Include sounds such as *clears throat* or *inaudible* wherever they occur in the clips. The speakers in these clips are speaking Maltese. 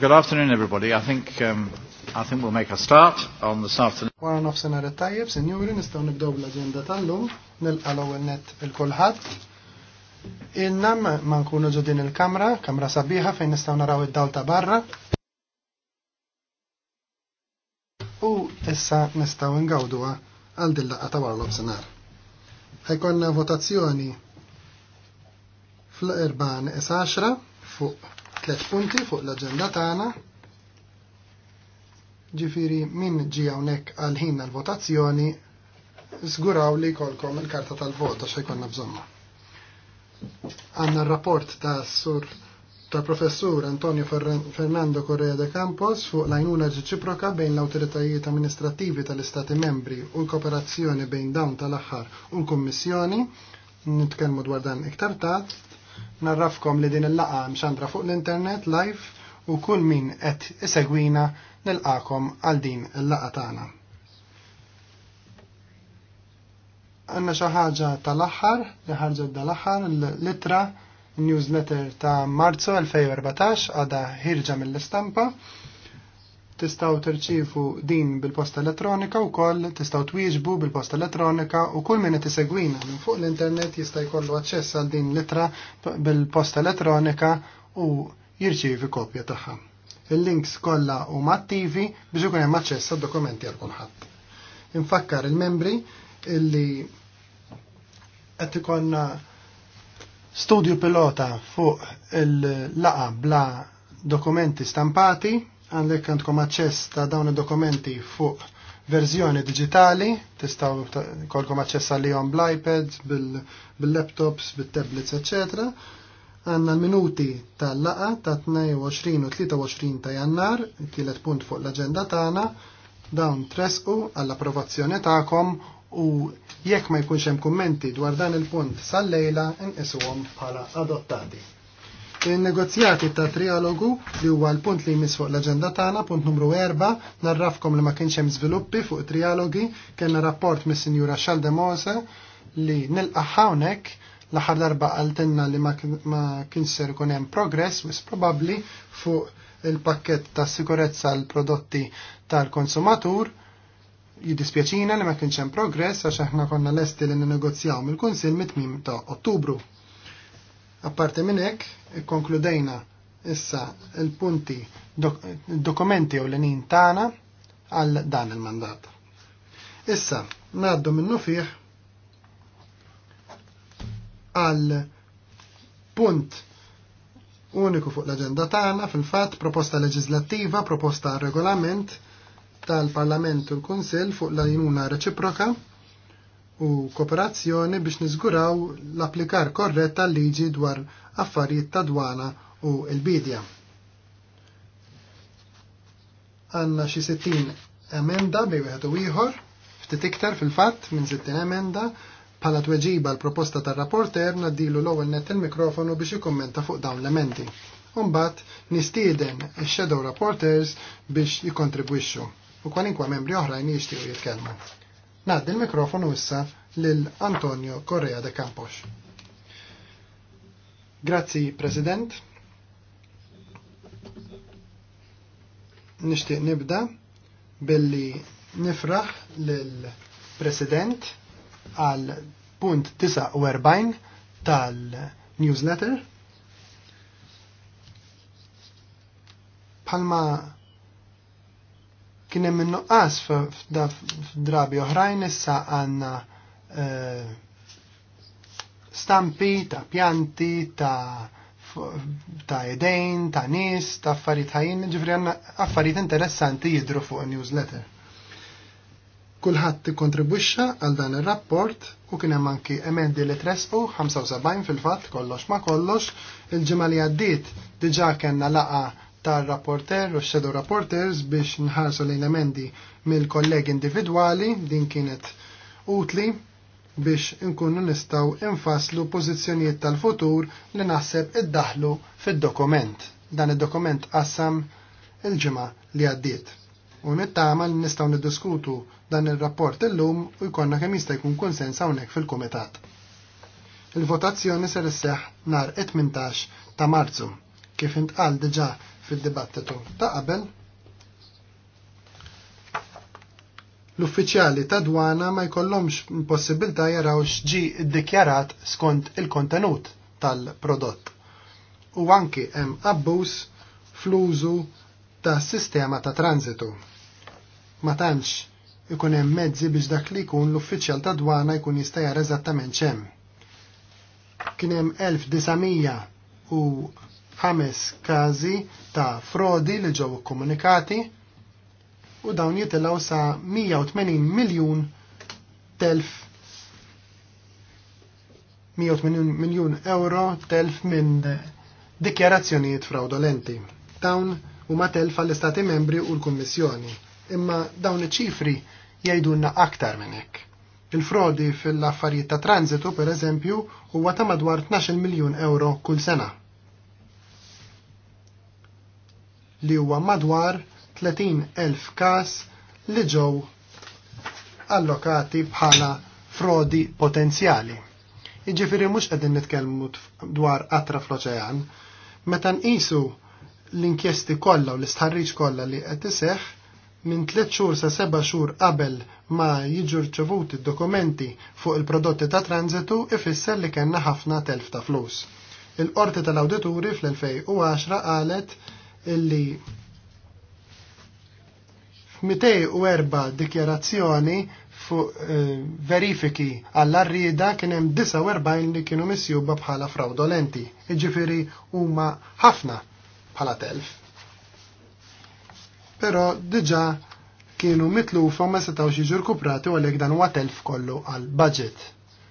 Well, good afternoon, everybody. I think, um, I think we'll make a start on this afternoon. Wara nofsenar it Tayyip, senjuri, nistaw nibdow l-agenda tal-lum, nil nilqalu il-net il-kulħat. Inna man kunu ġodin il-kamra, kamra sabiħa fejn nistaw naraw id dal ta' barra. U issa nistaw ngawduha għal dillaqa ta' wara nofsenar. Ħajkonna votazzjoni fl-4 10 fuq tlet punti fuq l-agenda tagħna. Ġifiri min ġi hawnhekk għal ħin għall votazzjoni żguraw li jkollkom il-karta tal vota xi jkollna bżonna. Għandna r-rapport ta' sur ta' professur Antonio Fernando Correa de Campos fuq l-għajnuna reċiproka bejn l-autoritajiet amministrativi tal-Istati membri u l-kooperazzjoni bejn dawn tal-aħħar u l-Kummissjoni, nitkellmu dwar dan iktar tard, Narrafkom li din il-laqa mxandra fuq l-internet live u kull min qed isegwina nilqakom għal din il-laqa tagħna. Għanna xi ħaġa tal-aħħar li ħarġet dal-aħħar l-litra newsletter ta' Marzu 2014 għada ħirġa mill-istampa tistaw terċifu din bil-posta elettronika u koll tistaw twieġbu bil-posta elettronika u kull minn tisegwina minn fuq l-internet jista' jkollu aċċess għal din litra bil-posta elettronika u jirċievi kopja tagħha. Il-links kollha huma attivi biex ikun hemm aċċess għad dokumenti għal kulħadd. Infakkar il-membri illi qed ikonna studju pilota fuq il-laqa bla dokumenti stampati għandek għandkom aċċess ta' dawn id-dokumenti fuq verżjoni digitali, tistaw kolkom aċċess għalihom bl-iPads, bil-laptops, bil-tablets, etc. Għanna l-minuti tal-laqa ta' 22 u 23 ta' jannar, tielet punt fuq l-agenda tagħna, dawn tresqu għall-approvazzjoni tagħkom u jekk ma jkunx hemm kummenti dwar dan il-punt sal-lejla inqisuhom bħala adottati. Il-negozjati ta' trialogu li huwa l-punt li jmiss fuq l-aġenda tagħna, punt numru 4, narrafkom li ma kienx hemm żviluppi fuq trialogi, kellna rapport mis-Sinjura Xalde Mose li nilqa' hawnhekk l-aħħar darba għaltenna li ma kienx ser ikun hemm progress wis probabbli fuq il-pakket ta' sikurezza l prodotti tal-konsumatur jiddispjaċina li ma kienx hemm progress għax aħna konna lesti li negozjaw mill-Kunsill mit-tmim ta' Ottubru. Apparti minn hekk ikkonkludejna issa il-punti dokumenti u l-nin tagħna għal dan il-mandat. Issa ngħaddu minnu fih għal punt uniku fuq l-agenda tagħna fil-fatt proposta leġislattiva, proposta regolament tal-Parlament u l-Kunsill fuq l ajnuna reċiproka u kooperazzjoni biex niżguraw l-applikar korret tal-liġi dwar affarijiet ta' dwana u l-bidja. Għanna xi sittin emenda bej wieħed u ieħor, ftit iktar fil-fatt minn sittin emenda, bħala tweġiba l-proposta tar-rapporter naddilu l-ewwel net il-mikrofonu biex jikkummenta fuq dawn l-emendi. Umbat nistieden ix-shadow rapporters biex jikkontribwixxu. u kwalinkwa membri oħrajn jixtiequ jitkellmu. Naddi l-mikrofonu issa lil Antonio Correa de Campos. Grazzi, President. Nishtiq nibda billi nifraħ lil President għal punt 49 tal-newsletter. Palma Kien hemm innuqqas f'drabi oħrajn issa għandna eh, stampi ta' pjanti ta' ta' edejn, ta' nies, ta' affarijiet ħajjin, ġifri għandna affarijiet interessanti jidru fuq newsletter. Kulħadd kontribwixxa għal dan ir-rapport u kien hemm anki emendi li tresqu 75 fil-fatt kollox ma kollox, il-ġimgħa li għaddiet diġà kellna laqa' tal-rapporter u shadow rapporters biex nħarsu lejn emendi mill-kollegi individwali din kienet utli biex nkunu nistaw infaslu pożizzjonijiet tal-futur li naħseb iddaħlu fid-dokument. Dan id-dokument qassam il-ġimgħa li għaddiet. U nittama li nistgħu niddiskutu dan ir-rapport illum u jkollna kemm jista' jkun konsens hawnhekk fil-kumitat. Il-votazzjoni ser isseħ nhar 18 ta' Marzu. Kif intqal diġà fil-dibattitu ta' qabel l-uffiċjali ta' dwana ma jkollhomx possibilità jaraw x'ġi ddikjarat skont il-kontenut tal-prodott. U anki hemm abbuż fl-użu ta' sistema ta' transitu. Ma tantx ikun hemm mezzi biex dak li jkun l-uffiċjal ta' dwana jkun jista' jara eżattament x'hemm. Kien hemm 1900 u ħames każi ta' frodi li ġew komunikati u dawn jitilgħu sa 180 miljun telf 180 miljun euro telf minn dikjarazzjonijiet fraudolenti. Dawn huma telf għall-Istati membri u l-Kummissjoni, imma dawn iċ-ċifri jgħidulna aktar minn hekk. Il-frodi fil-affarijiet ta' transitu, per eżempju, huwa ta' madwar 12 miljun euro kull sena. li huwa madwar 30.000 każ li ġew allokati bħala frodi potenzjali. Iġifiri mhux qegħdin nitkellmu dwar Atra fl-oċean, meta nqisu l-inkjesti kollha u l-istħarriġ kollha li qed iseħħ minn tliet xhur sa seba' xhur qabel ma jiġu rċevuti dokumenti fuq il-prodotti ta' transitu ifisser li kellna ħafna telf ta' flus. Il-qorti tal-awdituri fl-2010 qalet illi 204 dikjarazzjoni fuq eh, verifiki għall-arrida kien hemm 49 li kienu misjuba bħala fraudolenti. Iġifieri huma ħafna bħala telf. Però diġà kienu mitlufa ma setawx jiġu rkuprati għalhekk dan huwa telf kollu għall budget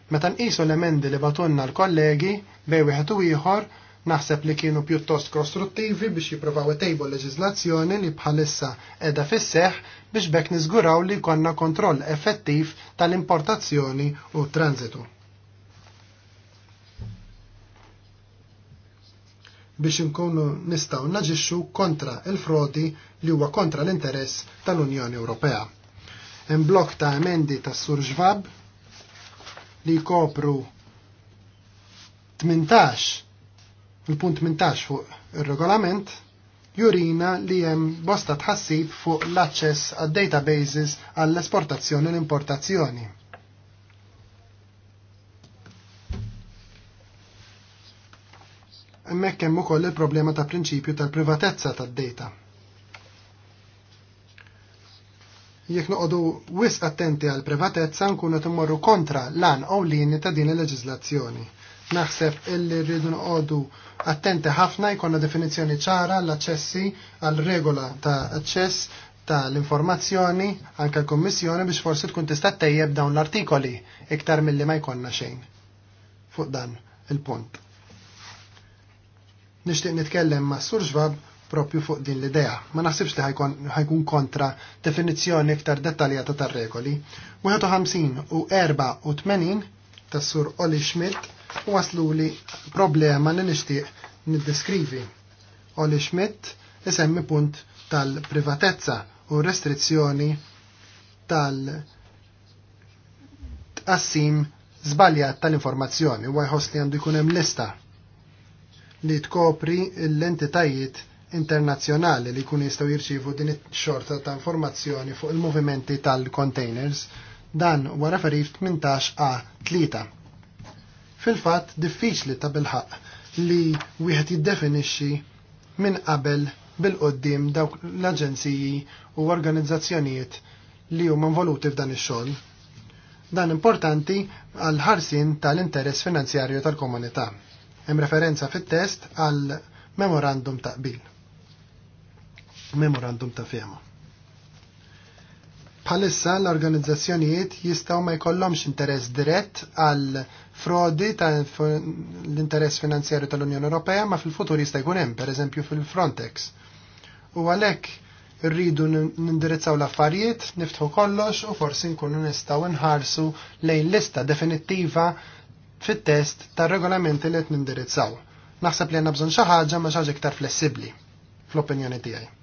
Meta nqisu l-emendi li batunna l-kollegi bej wieħed u ieħor Naħseb li kienu pjuttost kostruttivi biex jipruvaw tejbu leġizlazzjoni li bħalissa edha fisseħ biex bekk niżguraw li konna kontroll effettiv tal-importazzjoni u transitu. biex inkunu nistaw naġixxu kontra il-frodi li huwa kontra l-interess tal-Unjoni Ewropea. Hemm blok ta' emendi tas Sur li kopru 18 il-punt mintax fuq il-regolament jurina li hemm bosta tħassib fuq l-aċċess għad databases għall-esportazzjoni l-importazzjoni. Hemmhekk hemm ukoll il-problema ta' prinċipju tal-privatezza tad-data. Jekk noqogħdu wisq attenti għall privatezza nkunu timmorru kontra lan ewlieni ta' din il-leġiżlazzjoni Naħseb illi rridu noqogħdu attenti ħafna jkollna definizzjoni ċara l-aċċessi għal regola ta' aċċess ta' l-informazzjoni anke l-Kommissjoni biex forsi tkun tista' tejjeb dawn l-artikoli iktar milli ma jkollna xejn fuq dan il-punt. Nixtieq nitkellem ma' Sur Ġvab propju fuq din l-idea. Ma naħsibx li ħajkun kontra definizzjoni iktar dettaljata tar-regoli. 51 u 84 tas Sur Oli Schmidt u waslu li problema li nixtieq niddeskrivi. Oli Schmidt isemmi punt tal-privatezza u restrizzjoni tal-tqassim zbaljat tal-informazzjoni u għajħos li għandu jkun hemm lista li tkopri l-entitajiet internazzjonali li kun jistaw jirċivu din xorta ta' informazzjoni fuq il-movimenti tal-containers dan wara referif 18 a 3 fil-fatt diffiċli ta' bilħaq li wieħed jiddefinixxi minn qabel bil-qoddim dawk l-aġenziji u organizzazzjonijiet li huma involuti f'dan ix-xogħol. Dan importanti għal ħarsin tal-interess finanzjarju tal-komunità. Hemm referenza fit-test għal memorandum ta' qbil. Memorandum ta' fema. Bħalissa l-organizzazzjonijiet jistaw ma jkollhomx interess dirett għal frodi ta' l-interess finanzjarju tal-Unjoni Ewropea ma fil-futur jista' jkun hemm, pereżempju fil-Frontex. U għalhekk irridu nindirizzaw l-affarijiet, niftħu kollox u forsi nkunu nistgħu nħarsu lejn lista definittiva fit-test tar-regolamenti li qed nindirizzaw. Naħseb li għandna bżonn xi ħaġa ma xi ħaġa iktar flessibbli fl-opinjoni tiegħi.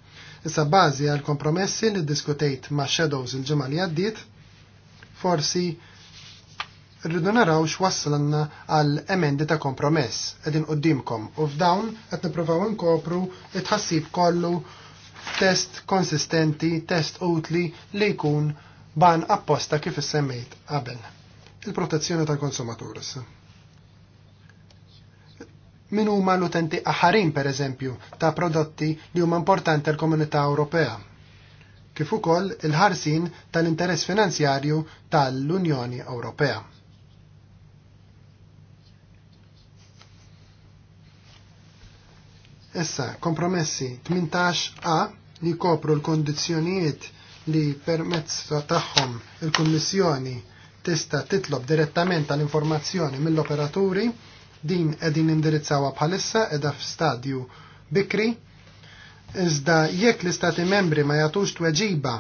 Issa bażi għal kompromessi li diskutejt ma' Shadows il-ġimgħa li għaddiet, forsi rridu naraw x'wassalna għal emendi ta' kompromess qegħdin qudiemkom u f'dawn qed nippruvaw inkopru it-ħassib kollu test konsistenti, test utli li jkun ban apposta kif issemmejt qabel. Il-protezzjoni tal-konsumatur min huma l-utenti aħarin pereżempju ta' prodotti li huma importanti l komunità Ewropea. Kif ukoll il-ħarsin tal-interess finanzjarju tal-Unjoni Ewropea. Issa, kompromessi 18a li kopru l-kondizjonijiet li permezz tagħhom il-Kummissjoni tista' titlob direttament tal-informazzjoni mill-operaturi Din qegħdin indirizzawa bħalissa qiegħda f'stadju bikri, iżda jekk l-istati membri ma jagħtux tweġiba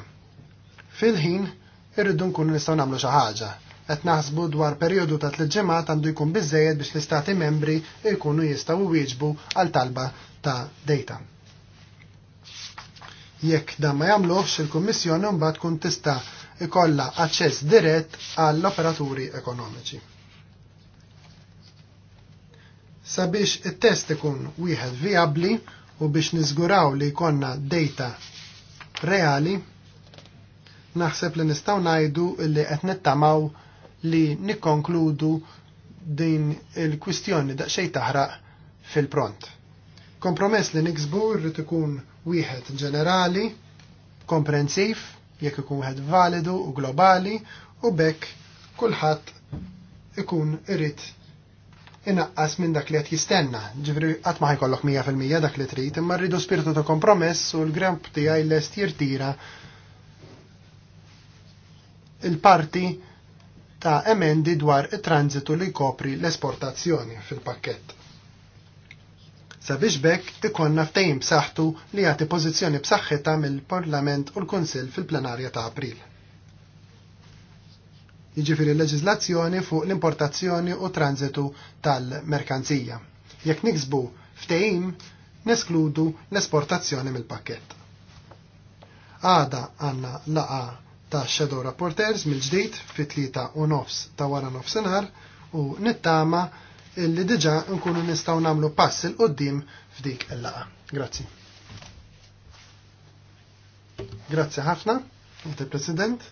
fil-ħin irridu nkunu nistgħu nagħmlu xi ħaġa. Qed naħsbu dwar perjodu ta' tliet ġimgħat għandu jkun bizzejed biex l-istati membri jkunu jistgħu jwieġbu għal talba ta' data. Jekk dan ma jagħmluhx il-Kummissjoni mbagħad tkun tista' ikolla aċċess dirett għall-operaturi ekonomiċi. Sabiex it-test ikun wieħed viabli u biex niżguraw li jkollna data reali, naħseb li nistgħu ngħidu li qed nittamaw li nikkonkludu din il-kwistjoni daqsxejn taħraq fil-pront. Kompromess li niksbu rrid ikun wieħed ġenerali, komprensiv, jekk ikun wieħed validu u globali u bekk kulħadd ikun irrid inaqqas minn dak li qed jistenna. Ġifri qatt ma ħajkollok 100% dak li trid, imma rridu spiritu ta' kompromess u l-gramp tiegħi lest jirtira il-parti ta' emendi dwar it-tranzitu li kopri l-esportazzjoni fil-pakkett. Sabiex bekk ikonna ftejim b'saħħtu li jagħti pożizzjoni b'saħħitha mill-Parlament u l-Kunsill fil-plenarja ta' April jiġifieri leġislazzjoni fuq l-importazzjoni u transitu tal-merkanzija. Jekk niksbu ftehim, neskludu l-esportazzjoni mill-pakket. Għada għanna laqa ta' Shadow Rapporters mill-ġdid fit-tlieta u nofs ta' wara nofsinhar u nittama illi diġa nkunu nistaw namlu pass il-qoddim f'dik il-laqa. Grazzi. Grazzi ħafna, il-President.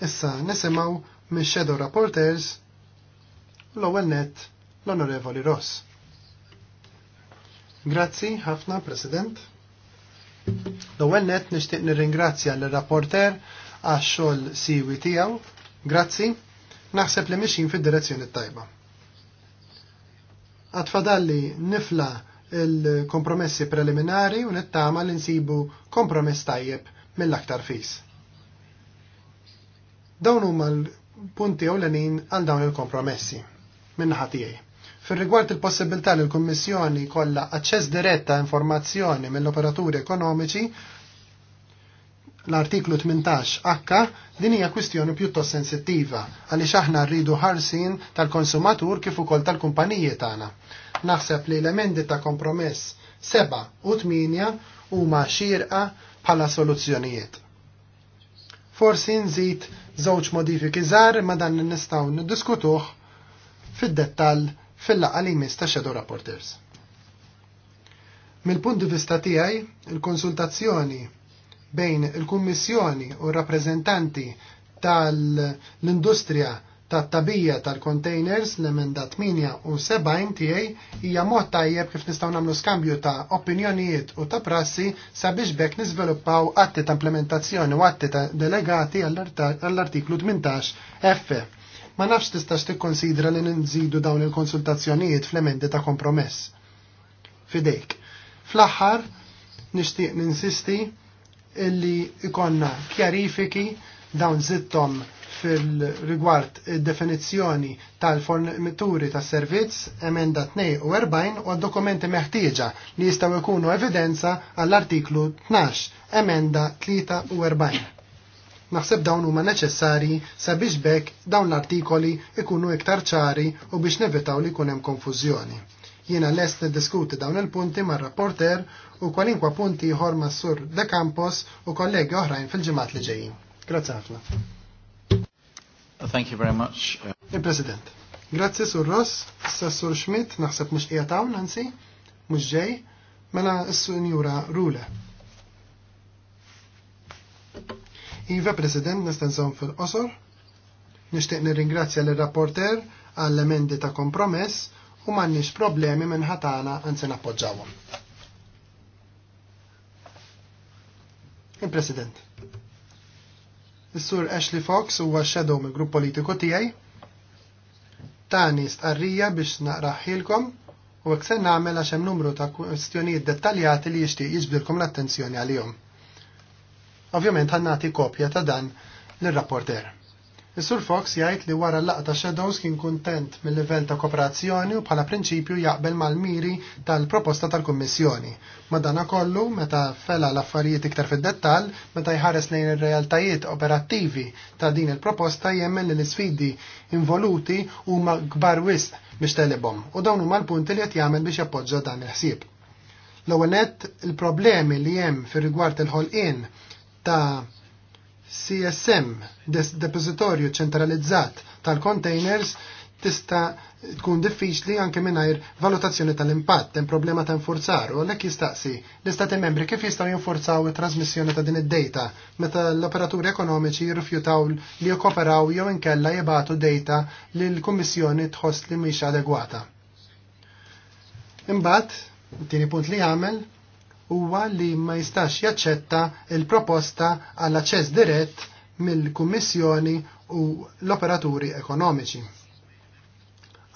Issa nisimaw mis Shadow Rapporters l-ewwel net l-Onorevoli Ross. Grazzi ħafna President. L-ewwel net nixtieq nirringrazzja l-rapporter għax xogħol siwi tiegħu. Grazzi. Naħseb li mixin fid-direzzjoni tajba. Għatfadalli nifla il-kompromessi preliminari u nittama li nsibu kompromess tajjeb mill-aktar fis. Dawn huma l-punti ewlenin għal dawn il-kompromessi minnaħa tiegħi. Fir-rigward il-possibilità li l-Kummissjoni kollha aċċess diretta informazzjoni mill-operaturi ekonomiċi l-artiklu 18 H din hija kwistjoni pjuttost sensittiva għaliex aħna rridu ħarsin tal-konsumatur kif ukoll tal-kumpaniji tagħna. Naħseb li l-emendi ta' kompromess seba' u tminja huma xirqa bħala soluzzjonijiet forsi nżid żewġ modifiki żgħar ma dan nistgħu niddiskutuh fid-dettall fil-laqgħa li jmiss ta' Shadow Rapporters. Mill-punt di vista tiegħi, il-konsultazzjoni bejn il-Kummissjoni u r-rappreżentanti tal-industrija tat-tabija tal-containers l-emenda 8 u 7 tiegħi hija mod tajjeb kif nistgħu nagħmlu skambju ta' opinjonijiet u ta' prassi sabiex bekk niżviluppaw atti ta' implementazzjoni u atti ta' delegati għall-artiklu 18 F. Ma nafx tistax tikkonsidra li nżidu dawn il-konsultazzjonijiet fl-emendi ta' kompromess. Fidejk. Fl-aħħar nixtieq ninsisti illi ikonna kjarifiki dawn zittom fil-rigward id-definizzjoni tal-fornituri ta' servizz emenda 2 u 40, u dokumenti meħtieġa li jistaw ikunu evidenza għall-artiklu 12 emenda 40. Naħseb dawn huma neċessari sabiex bekk dawn l-artikoli ikunu iktar ċari u biex nevitaw li jkun hemm konfużjoni jiena lest diskuti dawn il-punti mar rapporter u kwalinkwa punti jħor ma' sur De Campos u kollegi oħrajn fil-ġimat li ġejjin. Grazie ħafna. Thank you very much. Il-President, eh, grazzi sur Ross, Sassur Schmidt, naħseb mux qiegħed hawn anzi, mhux ġej, mela s-Sinjura Rule. Iva President, nistenżon fil-qosor, nixtieq nirringrazzja l-rapporter għall-emendi ta' kompromess u m'għandniex problemi minn ħatana anzi nappoġġawhom. Il-President. Eh, Is-sur Ashley Fox huwa shadow mill-grupp politiku tiegħi. Tani stqarrija biex naqraħilkom u hekk se nagħmel għax hemm numru ta' kwestjonijiet dettaljati li jixtieq jiġbdilkom l-attenzjoni għalihom. Ovvjament nagħti kopja ta' dan lir-rapporter. Is-Sur Fox jgħid li wara l-laqgħa ta' Shadows kien kuntent mill-livell ta' kooperazzjoni u bħala prinċipju jaqbel mal-miri tal-proposta tal-Kummissjoni. Madanakollu, kollu, meta fela l-affarijiet iktar fid-dettall, meta jħares lejn ir-realtajiet operattivi ta' din il-proposta jemmen li l-isfidi involuti huma kbar wisq biex telibhom u dawn huma l-punti li qed jagħmel biex jappoġġa dan il-ħsieb. L-ewwel il-problemi li hemm fir-rigward il-ħolqien ta' CSM depozitorju ċentralizzat tal-containers tista' tkun diffiċli anke mingħajr valutazzjoni tal-impatt hemm problema ta' infurzar u għalhekk jistaqsi l-istati membri kif jistgħu jinforzaw it-trasmissjoni ta' din id-data meta l-operaturi ekonomiċi jirrifjutaw li jokoperaw jew inkella jibatu data li l-Kummissjoni tħoss li mhix adegwata. Imbagħad, tieni punt li jagħmel huwa li ma jistax jaċċetta il-proposta għall aċċess dirett mill-Kummissjoni u l-operaturi ekonomiċi.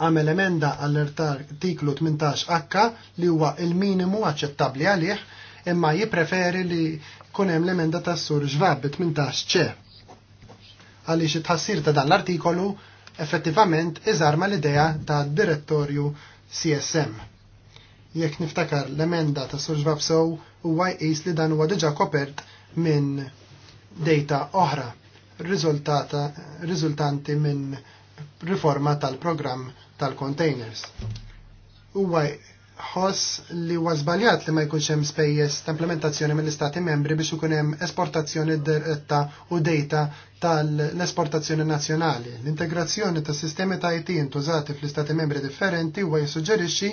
Għamel emenda għall-artiklu 18H li huwa il-minimu aċċettabbli għalih imma jipreferi li kunem l-emenda ta' sur ġvab 18 ċe. Għalix it-ħassir ta' dan l-artikolu effettivament iżarma l-idea ta' direttorju CSM jekk niftakar l-emenda ta' Sur Sow huwa jqis li dan huwa diġà kopert minn data oħra riżultanti minn riforma tal-programm tal-containers. Huwa ħoss li huwa żbaljat li ma jkunx hemm spejjeż ta' implementazzjoni mill-Istati membri biex ikun hemm esportazzjoni diretta u data tal-esportazzjoni nazzjonali. L-integrazzjoni ta' sistemi ta' IT intużati fl-Istati membri differenti huwa jissuġġerixxi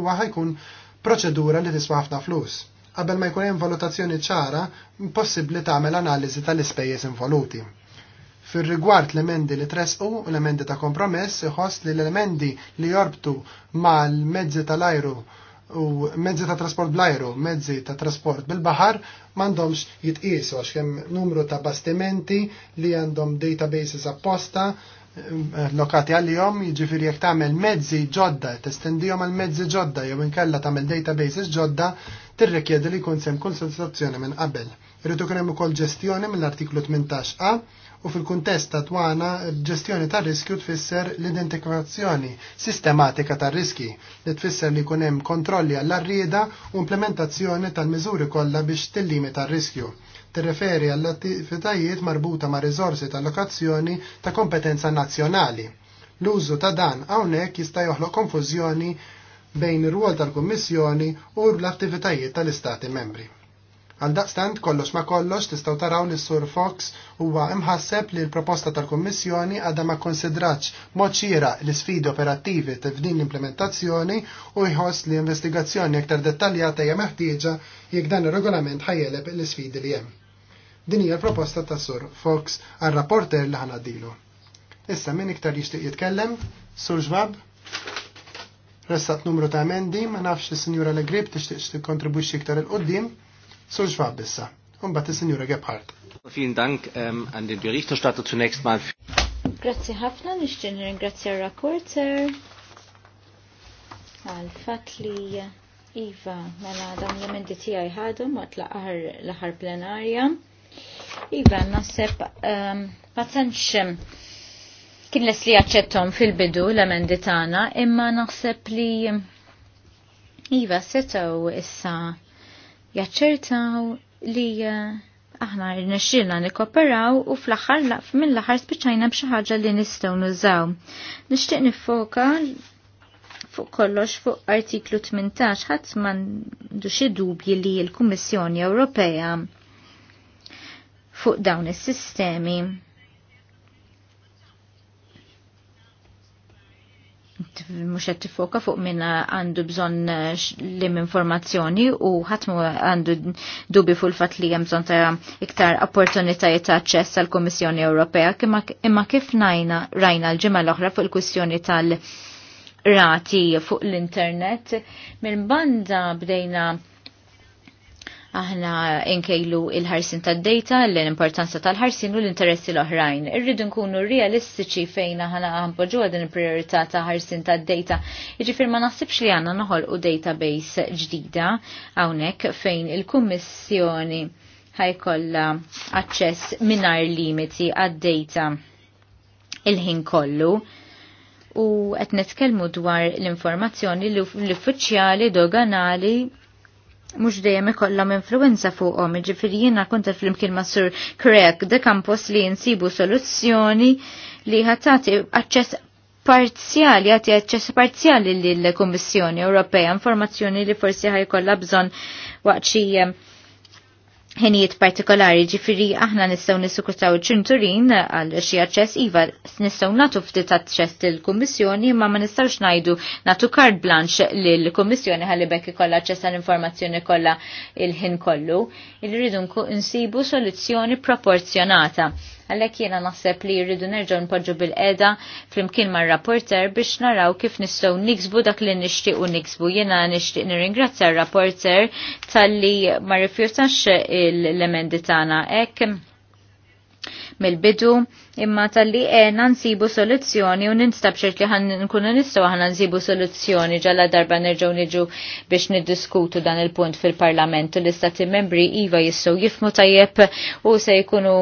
huwa ħajkun proċedura li tiswa ħafna flus. Qabel ma jkun hemm valutazzjoni ċara, possibbli tagħmel analiżi tal-ispejjeż involuti. Fir rigward l-emendi li tresqu u l-emendi ta' kompromess, iħoss li l-emendi li jorbtu ma' l-mezzi tal-ajru u mezzi ta' trasport bl-ajru, mezzi ta' trasport bil-bahar, mandomx jitqisu għax kemm numru ta' bastimenti li għandhom databases apposta eh, lokati għal-jom, jġifiri jek tamel mezzi ġodda, jom għal mezzi ġodda, jew inkella tamel databases ġodda, tirrikjedi li kun sem konsultazzjoni minn qabel. Irridu kunem ukoll ġestjoni mill-artiklu 18a u fil-kuntest ta' twana ġestjoni ta' riskju tfisser l-identifikazzjoni sistematika ta' riski li tfisser li kunem kontrolli għall-arrieda u implementazzjoni tal-miżuri kollha biex tillimita r-riskju tirreferi għall attivitajiet marbuta ma' riżorsi ta' lokazzjoni ta' kompetenza nazzjonali. L-użu ta' dan hawnhekk jista' joħloq konfużjoni bejn ir ruol tal-Kummissjoni u l-attivitajiet tal-Istati membri. Għal daqstant kollox ma kollox tistaw taraw li Sur Fox huwa imħasseb li l-proposta tal-Kommissjoni għadha ma konsidraċ mod xira l-sfidi operattivi ta' f'din l-implementazzjoni u jħoss li investigazzjoni aktar dettaljata hija meħtieġa jekk dan ir-regolament ħajjeleb l-sfidi li hemm. Din hija l-proposta ta' Sur Fox għal rapporter li ħana dilu. Issa min iktar jixtieq jitkellem? Sur Ġwab? Ressat numru ta' emendi, ma nafx is-Sinjura Legrib tixtieq tikkontribwixxi iktar il-qudiem. Sur Schwab bissa. Umbat il-Sinjura Gebhardt. Vielen Dank ähm, an den Berichterstatter zunächst mal. Grazie ħafna, nixtieq ringrazzja r-rapporter għal fatt li Iva, mela dawn l-emendi tiegħi ħadhom waqt l-aħħar plenarja. Iva, naħseb ähm, ma tantx ähm, kien les li għacċettom fil-bidu l-emendi tagħna, imma naħseb li Iva setaw issa jaċċertaw li eh, aħna rnexxilna nikkoperaw u fl-aħħar laqf minn l-aħħar spiċċajna b'xi ħaġa li nistgħu nużaw. Nixtieq nifoka fuq kollox fuq artiklu 18 ħadd m'għandu xi dubji li l-Kummissjoni Ewropea fuq dawn is-sistemi mux qed tifoka fuq minna għandu bżonn eh, lim informazzjoni u ħatmu għandu dubi fuq il-fatt li hemm bżonn ta' iktar opportunitajiet ta' aċċess għall kummissjoni Ewropea imma kif najna rajna l-ġimgħa l-oħra fuq il-kwistjoni tal-rati fuq l-internet mill-banda bdejna aħna nkejlu il-ħarsin tad-data, l-importanza tal-ħarsin u l-interessi l-oħrajn. Irridu nkunu realistiċi fejn aħna għampoġu għadin il-priorità ta' ħarsin tad-data. Iġifir ma naħsibx li għanna noħol u database ġdida għawnek fejn il-kummissjoni ħajkolla aċċess minar limiti għad-data il-ħin kollu u qed nitkellmu dwar l-informazzjoni l-uffiċjali doganali mux dejjem ikollhom influenza fuqhom, ġifir jiena kont flimkien ma' Sur Craig de Campos li jinsibu soluzzjoni li ħatati aċċess parzjali, għati aċċess parzjali l-Kommissjoni Ewropea, informazzjoni li forsi ħajkollha bżonn waqt xi ħenijiet partikolari ġifiri aħna nistaw nissukurtaw ċinturin għal xi aċċess iva nistaw natu ftit aċċess il-Kummissjoni ma ma nistawx najdu natu card blanche lill-Kummissjoni għalli bekk kolla ċess għall informazzjoni kollha il-ħin kollu. Irridu nsibu soluzzjoni proporzjonata Għalhekk jiena naħseb li jridu nerġgħu npoġġu bil-qeda flimkien mar-rapporter biex naraw kif nistgħu niksbu dak li nixtiequ niksbu. Jiena nixtieq nirringrazzja r-rapporter talli ma rifjutax l-emendi tagħna hekk mill-bidu imma tal-li ena nsibu soluzzjoni u ninstabxert li ħan nkunu nistaw ħan nsibu soluzzjoni ġalla darba nerġaw niġu biex niddiskutu dan il-punt fil-parlament l-istati membri iva jissu jifmu tajjeb u se jkunu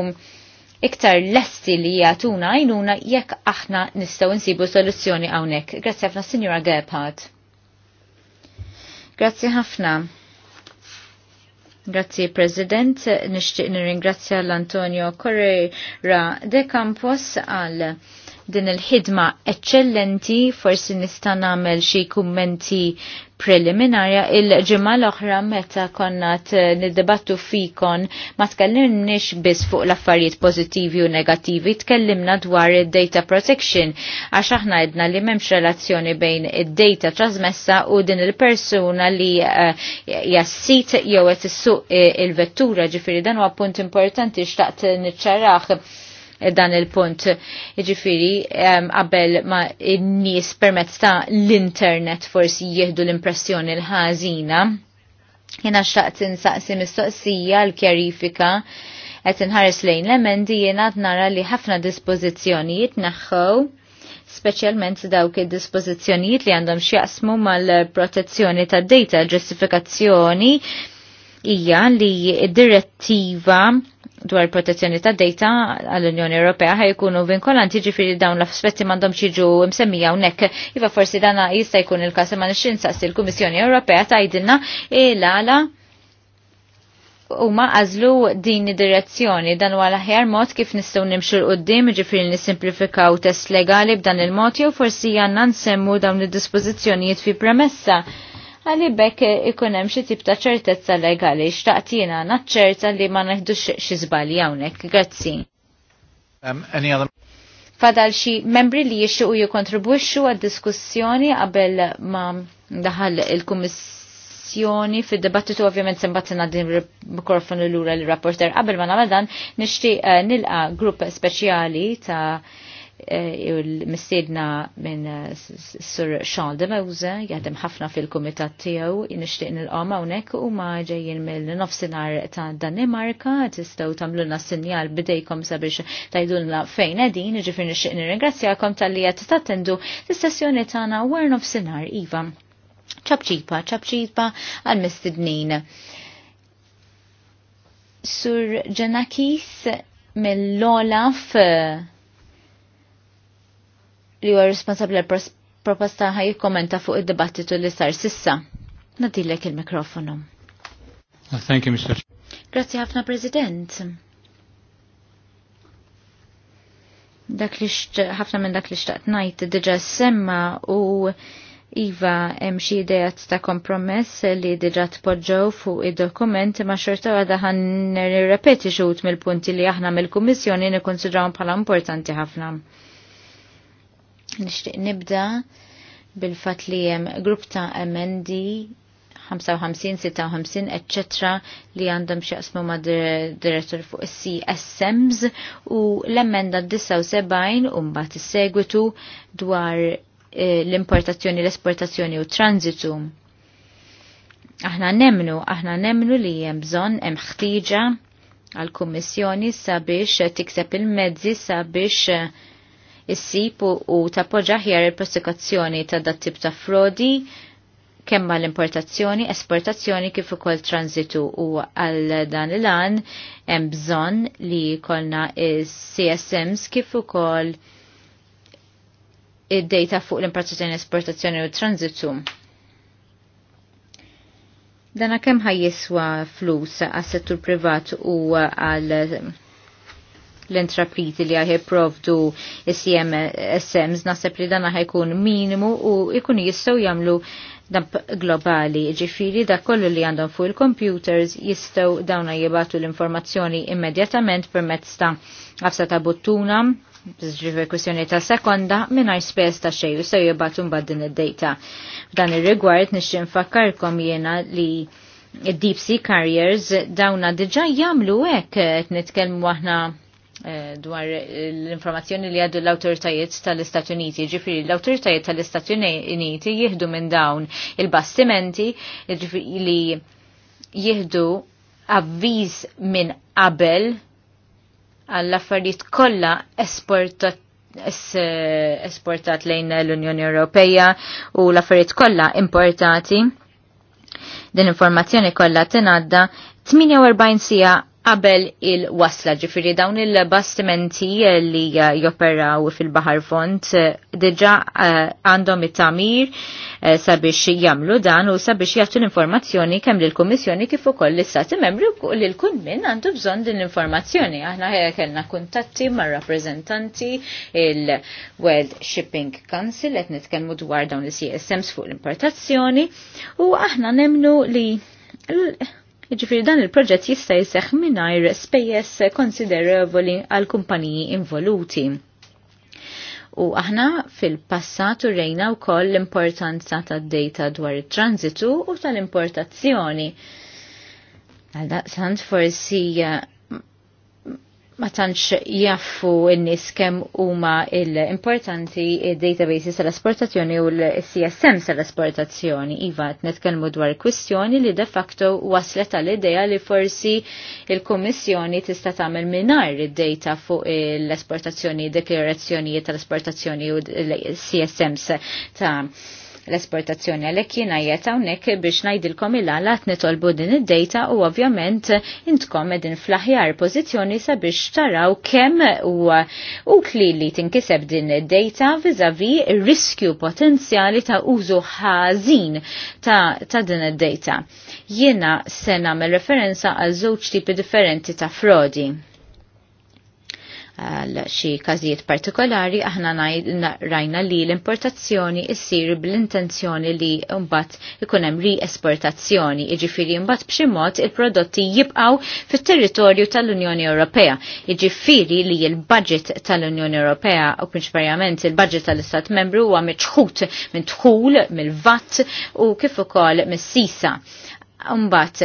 iktar lesti li jagħtuna għajnuna jekk aħna nistgħu nsibu soluzzjoni hawnhekk. Grazzi ħafna Signora Gebhardt. Grazzi ħafna. Grazzi President, nixtieq nirringrazzja l-Antonio Correira de Campos għal din il-ħidma eccellenti, forsi nista' nagħmel xi kummenti preliminarja il-ġimma l-oħra meta konna niddebattu fikon ma tkellimniex biss fuq l-affarijiet pozittivi u negattivi, tkellimna dwar id-data protection għax aħna għedna li memx relazzjoni bejn id-data trasmessa u din il-persuna li eh, jassit jew qed issuq eh, il-vettura ġifieri dan huwa punt importanti xtaqt niċċaraħ dan il-punt. Ġifiri, qabel ma n-nies permezz ta' l-internet forsi jieħdu l-impressjoni l ħazina Jena xtaqt n-saqsi mistoqsija l-kjarifika qed inħares lejn l-emendi jiena nara li ħafna dispożizzjonijiet naħħow speċjalment dawk id dispozizjonijiet li għandhom x'jaqsmu mal-protezzjoni tad-data, ġustifikazzjoni hija li d-direttiva dwar protezzjoni ta' data għall-Unjoni Ewropea ħajkunu vinkolanti ġifiri dawn l-aspetti mandom ċiġu msemmija unnek. Iva forsi dana jista' jkun il-kas ma nixin il l-Kummissjoni Ewropea tajdilna il-għala u ma għazlu din direzzjoni dan u għal-ħjar mod kif nistaw nimxu l-qoddim ġifiri nisimplifikaw test legali b'dan il-mod jew forsi għanna nsemmu dawn il-dispozizjonijiet fi premessa għalli bekk ikun hemm xi tip ta' ċertezza legali xtaqtina jiena naċċerta li ma neħdux xi zbali hawnhekk. Grazzi. Um, any other fadal xi membri li u jikontribwixxu għad-diskussjoni qabel ma daħal il-Kummissjoni fid-dibattitu ovvjament sembat ngħaddi mikrofonu lura l-rapporter qabel ma nagħmel dan nixtieq eh, nilqa' grupp speċjali ta' Eh, il-mistiedna minn eh, Sir Sean de Mewza, jgħadem ħafna fil-komitat tiegħu nixtieq nilqom hawnhekk huma ġejjin mill-nofsinhar ta' Danimarka, tistgħu s sinjal bidejkom sabiex tgħidulna fejn qegħdin, jiġifieri nixtieq nirringrazzjakom tal-li qed tattendu is-sessjoni tagħna war nofsinar iva. Ċabċipa, ċabċipa għal-mistednin. Sur Ġenakis mill-Olaf eh, li huwa responsabbli għal proposta ħaj jikkomenta fuq id-dibattitu li sar sissa. Nadillek il-mikrofonu. Thank you, Mr. Grazzi ħafna, President. Dak li ħafna minn dak li xtaqt najt diġa semma u Iva, hemm xi idejat ta' kompromess li diġà tpoġġew fuq id-dokument ma' xorta għadha ħan nirrepeti xut mill-punti li aħna mill-Kummissjoni nikkonsidrawhom bħala importanti ħafna. Nixtieq nibda bil-fatt li hemm grupp ta' emendi 55-56, etc. li għandhom xaqsmu ma direttur fuq CSMs u l-emenda 79 umbat segwitu dwar eh, l-importazzjoni, l-esportazzjoni u transitu. Aħna nemnu, aħna nemnu li hemm bżonn hemm ħtieġa għall-Kummissjoni sabiex tikseb il-mezzi sabiex issib u tappoġġa ħjar il-prosekuzzjoni ta' dat tip ta' frodi kemm l importazzjoni esportazzjoni kif ukoll transitu u għal dan il an hemm bżonn li jkollna is CSMs kif ukoll id-data fuq l-importazzjoni, esportazzjoni u transitu. Dana kemm ħajjiswa flus għas settur privat u għal l-intraprizi li għahe provdu SMs, nasib li dan ħajkun minimu u ikun jistaw jamlu dan globali, ġifiri da kollu li għandhom fuq il-computers jistaw dawna jibatu l-informazzjoni immedjatament permezz ta' għafsa ta' buttuna, ġifiri kwestjoni ta' sekonda, minna spes ta' xej, jistaw jibatu mbad din id-data. Dan il-rigward nixin fakkarkom jena li deep sea carriers dawna diġa jamlu ek, nitkelmu aħna Eh, dwar l-informazzjoni li għaddu l-autoritajiet tal-Istati Uniti. Ġifiri, l-autoritajiet tal-Istati Uniti jihdu minn dawn il-bastimenti li jihdu avviz minn qabel għall-affarijiet kollha esportat esportat lejn l-Unjoni Ewropea u l-affarijiet kollha importati. Din informazzjoni kollha tingħadda 48 sija qabel il-wasla ġifiri dawn il-bastimenti li joperaw fil-Bahar Font eh, diġa eh, għandhom it-tamir eh, sabiex jamlu dan u sabiex jagħtu l-informazzjoni kemm l kummissjoni kif ukoll l-Istati Membri u lil kull minn għandu bżonn din l-informazzjoni. Aħna kellna kuntatti ma' rappreżentanti il-World Shipping Council qed nitkellmu dwar dawn is-CSMs fuq l-importazzjoni u aħna nemnu li Ġifiri dan il-proġett jista' jiseħ mingħajr spejjeż konsiderevoli għal kumpaniji involuti. U aħna fil-passat urejna wkoll l-importanza tad-data dwar it-transitu u tal-importazzjoni. Għal daqsant forsi ma tantx jaffu n-nies kemm huma l-importanti d databases tal-esportazzjoni u l-CSM tal-esportazzjoni. Iva qed netkellmu dwar kwistjoni li de facto waslet tal idea li forsi il-Kummissjoni tista' tagħmel mingħajr id-data fuq l-esportazzjoni, deklarazzjonijiet tal-esportazzjoni u l-CSMs ta' l-esportazzjoni għalhekk jiena qiegħed hawnhekk biex ngħidilkom il għalat nitolbu din id-dejta u ovvjament intkom edin fl-aħjar pożizzjoni sabiex taraw kemm huwa utli li tinkiseb din id-dejta vizavi riskju potenzjali ta' użu ħażin ta', ta din id-dejta. Jiena sena me referenza għal żewġ tipi differenti ta' frodi għal xi każijiet partikolari aħna rajna li l-importazzjoni issir bl-intenzjoni li mbagħad ikun hemm riesportazzjoni, jiġifieri mbagħad b'xi mod il-prodotti jibqgħu fit-territorju tal-Unjoni Ewropea. Jiġifieri li l-budget tal-Unjoni Ewropea u prinċipalment il-budget tal-Istat Membru huwa miċħut minn dħul mill-vatt u kif ukoll mis-sisa. Umbat,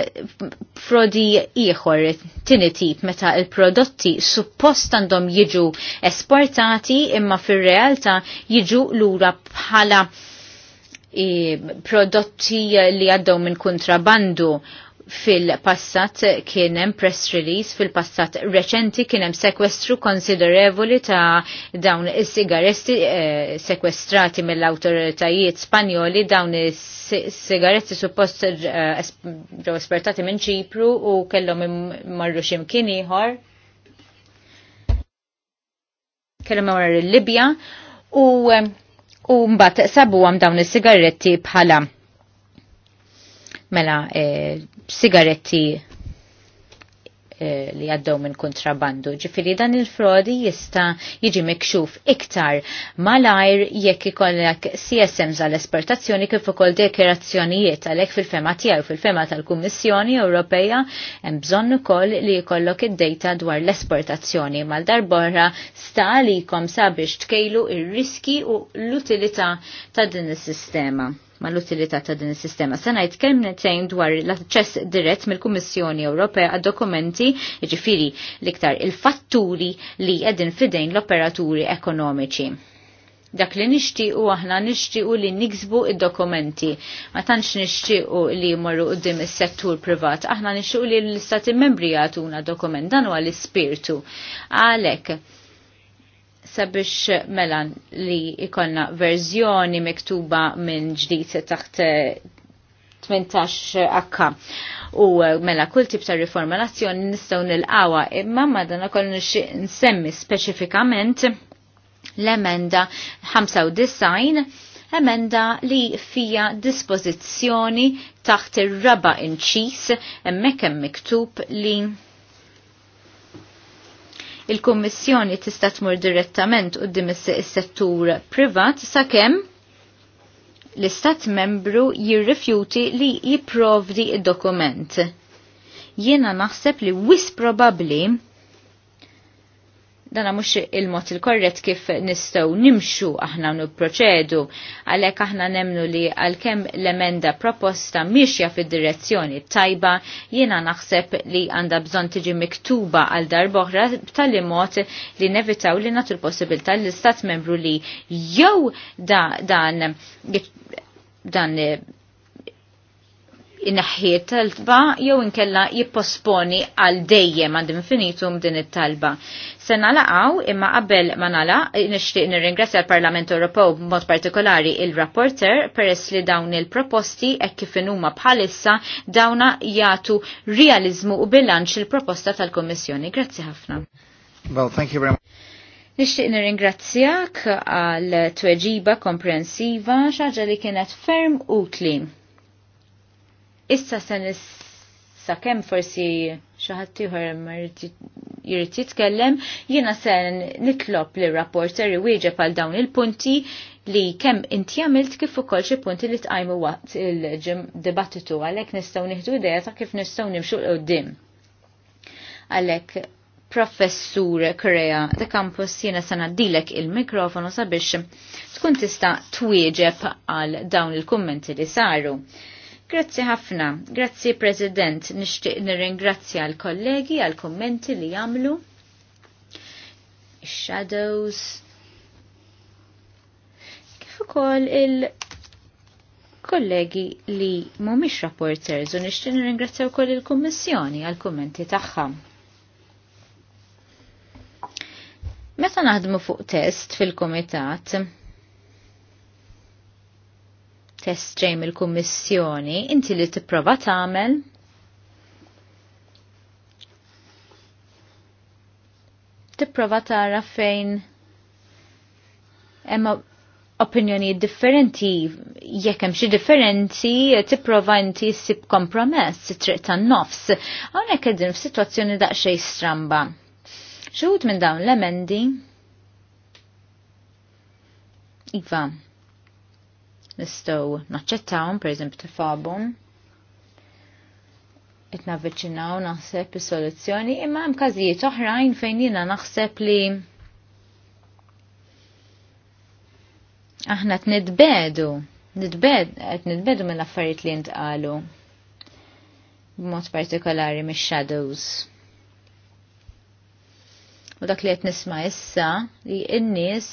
frodi ieħor, tini tip meta il-prodotti suppost għandhom jiġu esportati imma fil-realtà jiġu lura bħala eh, prodotti li għaddew minn kontrabandu fil-passat kien hemm press release, fil-passat reċenti kien hemm sekwestru konsiderevoli ta' dawn is-sigaretti eh, sekwestrati mill-awtoritajiet Spanjoli dawn is-sigaretti suppost eh, ġew espertati minn Ċipru u kellhom marru x'imkien ieħor. Kellhom marru l-Libja u eh, u mbagħad sabu dawn is-sigaretti bħala mela eh, sigaretti eh, li għaddew minn kontrabandu. Ġifiri dan il-frodi jista jiġi mikxuf iktar malajr jekk ikollek CSM għal esportazzjoni kif ukoll dekerazzjonijiet għalhekk fil-fema tiegħu fil-fema tal-Kummissjoni Ewropea hemm bżonn ukoll li jkollok id-dejta dwar l-esportazzjoni mal-darborra sta għalikom sabiex tkejlu ir-riski u l-utilità ta' din is-sistema mal-utilità ta' din is-sistema. Se ngħid kemm netejn dwar l-aċċess dirett mill-Kummissjoni Ewropea għad dokumenti, jiġifieri l-iktar il-fatturi li qegħdin fidejn l-operaturi ekonomiċi dak li nixtiequ aħna nixtiequ li niksbu id-dokumenti. Ma tantx nixtiequ li jmorru qudiem is-settur privat, aħna nixtiequ li l-istati membri jagħtuna dokument dan huwa l-ispirtu. Għalhekk sabiex melan li ikonna verżjoni miktuba minn ġdijt taħt 18 eh, akka u eh, mela kull tip ta' riforma nazzjoni nistgħu nilqawa imma madana kollu nsemmi speċifikament l-emenda 95 emenda li fija dispożizzjoni taħt ir-raba inċis hemmhekk hemm miktub li il-Kummissjoni tista' tmur direttament qudiem is-settur privat sakemm l-Istat membru jirrifjuti li jipprovdi id-dokument. Jiena naħseb li wis probabbli dana mux il-mot il-korret kif nistaw nimxu aħna n-proċedu għalek aħna nemnu li għal-kem l-emenda proposta miexja fid direzzjoni tajba jiena naħseb li għanda bżon tiġi miktuba għal darboħra tal mod li nevitaw li natu l-possibilta l-istat membru li jew da, dan dan inaħħiet talba jew inkella jipposponi għal dejjem għand infinitum din it-talba. Se nalaqaw imma qabel ma nala nixtieq nirringrazzja l-Parlament Ewropew b'mod partikolari il-rapporter peress li dawn il-proposti hekk kif huma bħalissa dawna jagħtu realizmu u bilanċ il-proposta tal-Kummissjoni. Grazzi ħafna. Well, thank you very much. Nishtiq nirringrazzjak għal tweġiba komprensiva xaġa li kienet ferm u utli. Issa se issa kem forsi xi ħadd ieħor jrid jitkellem, jiena se nitlob li rapporter iwieġeb għal dawn il-punti li kemm inti għamilt kif ukoll xi punti li tqajmu waqt il-dibattitu għalhekk nistgħu nieħdu idea ta' kif nistgħu nimxu l qudiem. Għalhekk professur Korea de Campus jiena se ngħaddilek il-mikrofonu sabiex tkun tista' twieġeb għal dawn il-kummenti li saru. Grazzi ħafna, grazzi President, nishtiq nirringrazzja għal kollegi għal kommenti li jamlu. Shadows. Kif ukoll il kollegi li mhumiex rapporters u nixtieq nirringrazzja wkoll il-Kummissjoni għal kummenti tagħha. Meta naħdmu fuq test fil-Kumitat, test ġej il kummissjoni inti li tipprova tagħmel tipprova tara fejn hemm opinjoni differenti, jekk hemm xi differenti, tipprova inti ssib kompromess, triq tan-nofs. Hawnhekk qegħdin f'sitwazzjoni daqsxejn stramba. Xi minn dawn l-emendi Iva, nistgħu naċċettawhom pereżempju tifabhom qed navviċinaw naħseb is-soluzzjoni imma hemm każijiet oħrajn fejn jiena naħseb li aħna qed nidbedu qed nitbedu mill-affarijiet li ntqalu b'mod partikolari mix-shadows. U dak li qed nisma' issa li n-nies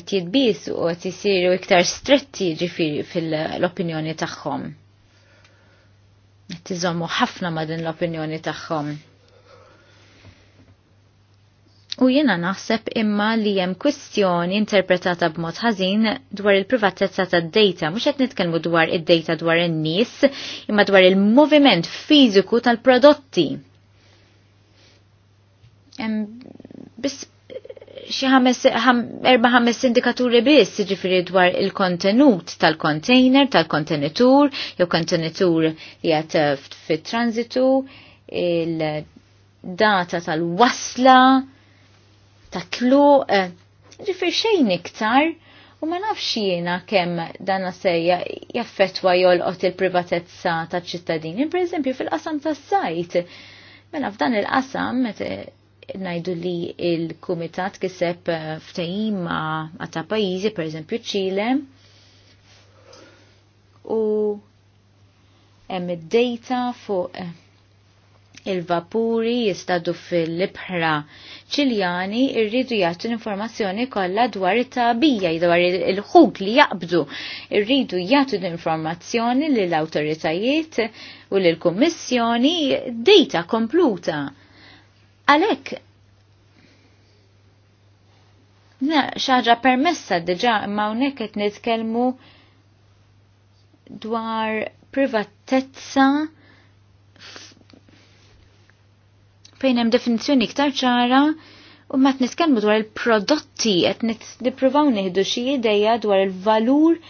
qed jitbis u qed isiru iktar stretti ġifiri fil-opinjoni tagħhom. Qed iżommu ħafna ma' din l-opinjoni tagħhom. U jiena naħseb imma li hemm kwistjoni interpretata b'mod ħażin dwar il-privatezza tad-dejta, mhux qed nitkellmu dwar id-dejta dwar in-nies, imma dwar il-moviment fiżiku tal-prodotti. Hemm xi erba' ħames indikaturi biss ġifiri dwar il-kontenut tal kontainer tal-kontenitur, jew kontenitur li għat eh, fit-transitu, il-data tal-wasla, tal tluq eh, ġifiri xejn iktar. U ma nafx jiena kemm dana sejja jaffetwa jolqot il-privatezza taċ ċittadini, per eżempju fil-qasam tas-sajt. Mela f'dan il-qasam najdu li il-Kumitat kiseb eh, ftehim ma' ta' pajjiżi, per eżempju Ċile, u hemm id-data fuq eh, il-vapuri jistadu fil-libħra ċiljani irridu jagħtu l-informazzjoni kollha dwar it-tabija dwar il-ħug li jaqbdu. Irridu jagħtu l-informazzjoni lill awtoritajiet u lill kummissjoni data kompluta Għalek, xaġa permessa diġa ma unek qed nitkellmu dwar privatezza fejn hemm definizzjoni iktar ċara u ma nitkellmu dwar il-prodotti qed nippruvaw nieħdu xi idea dwar il-valur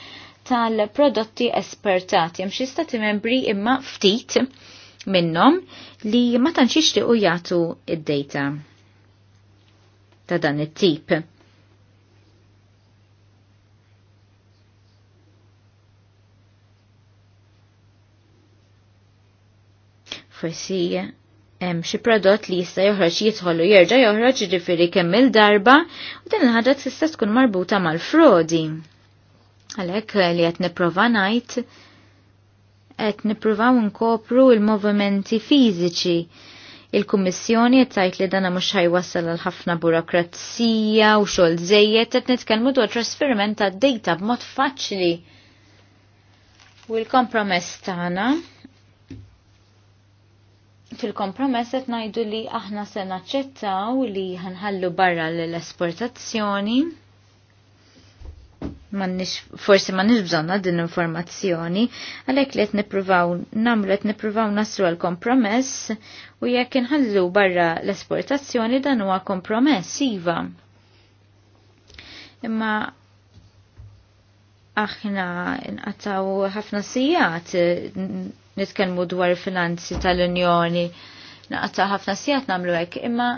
tal-prodotti espertati. Hemm xi stati membri imma ftit minnhom li ma tantx jixtiequ jagħtu id-data ta' dan it-tip. Forsi hemm xi prodott li jista' joħroġ jidħollu jerġa' joħroġ jiġifieri kemm il-darba u din il-ħaġa tista' tkun marbuta mal-frodi. Għalhekk li qed nipprova ngħid qed nippruvaw nkopru il-movimenti fiżiċi. Il-Kummissjoni qed tgħid li dana mhux ħajwassal għal ħafna burokrazija u xogħol żejjed qed nitkellmu dwar trasferiment tad-dejta b'mod faċli. U l-kompromess tagħna fil-kompromess qed ngħidu li aħna se naċċettaw li ħanħallu barra l-esportazzjoni mannix, forsi mannix bżonna din informazzjoni, għalek li nipruvaw namlu għet nipruvaw naslu għal kompromess u jekk inħallu barra l-esportazzjoni dan huwa kompromess, iva. Imma aħna nqataw ħafna sijat nitkellmu dwar finanzi tal-Unjoni, naqata ħafna sijat namlu hekk, imma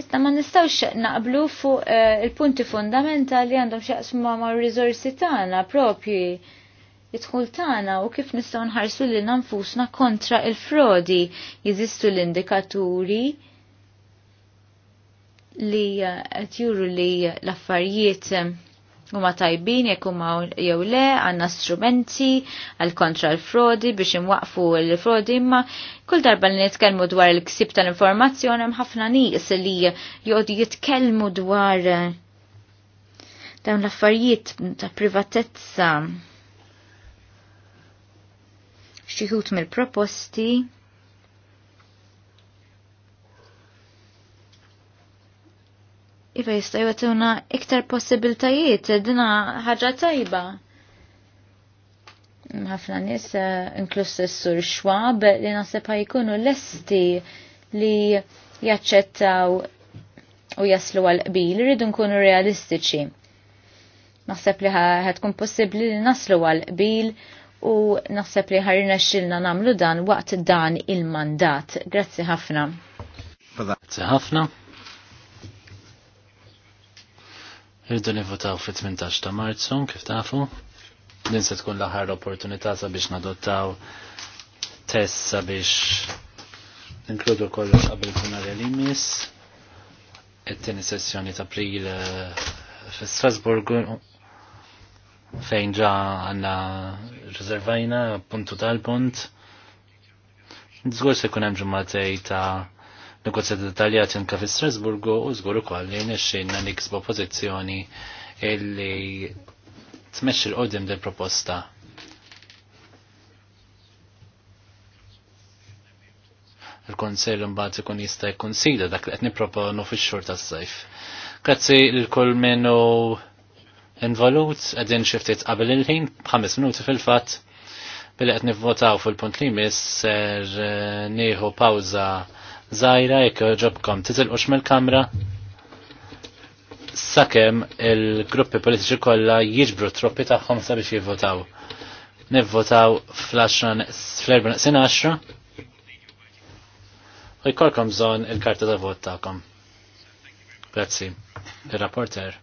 Issa ma nistawx naqblu fuq eh, il-punti fundamentali għandhom xaqsma ma' rizorsi tagħna propi jitħul tagħna u kif nistgħu nħarsu lil nanfusna kontra il-frodi jizistu l-indikaturi li eh, qed juru li l-affarijiet eh, huma tajbin jekk huma jew le għandna strumenti għal kontra l-frodi biex imwaqfu l-frodi imma kull darba li nitkellmu dwar il-ksib tal-informazzjoni hemm ħafna nies li jgħodu jitkellmu dwar eh, dawn l-affarijiet ta' privatezza xi mill-proposti Iva jistaj għatuna iktar possibiltajiet, dina ħaġa tajba. ħafna nis, eh, inklus s-sur xwab, li nasib jkunu lesti li jaċċettaw u jaslu għal-qbil, rridu nkunu realistiċi. Naħseb li ħatkun possibli li naslu għal-qbil u naħseb li ħarina xilna namlu dan waqt dan il-mandat. Grazzi ħafna. Grazzi ħafna. Irridu nivvotaw fit-18 ta' Marzu, kif tafu. Din se tkun l-aħħar opportunità sabiex nadottaw test sabiex inkludu kollox qabel kuna l-elimis. It-tieni sessjoni ta' april eh, fi Strasburgu fejn ġa għanna rezervajna puntu tal-punt. Zgur se kun hemm ġumatej ta' negozjati detaljati anka fi Strasburgu u żgur ukoll li nixxinna niksbu pożizzjoni illi tmexxi l qudiem del proposta. Il-Konsell imbagħad ikun jista' sida dak li qed nipproponu fix-xhur tas-sajf. Grazzi lil kull minnu involut qegħdin xi ftit qabel il-ħin 5 minuti fil-fatt billi qed nivvotaw fil-punt li jmiss ser eh, nieħu pawża zaħira jekk ġobkom titilqux mill-kamra sakemm il-gruppi politiċi kollha jiġbru troppi tagħhom sabiex jivvotaw. Nivvotaw fl fl axra u jkollkom bżonn il-karta ta' vot tagħkom. Grazzi. Il-rapporter.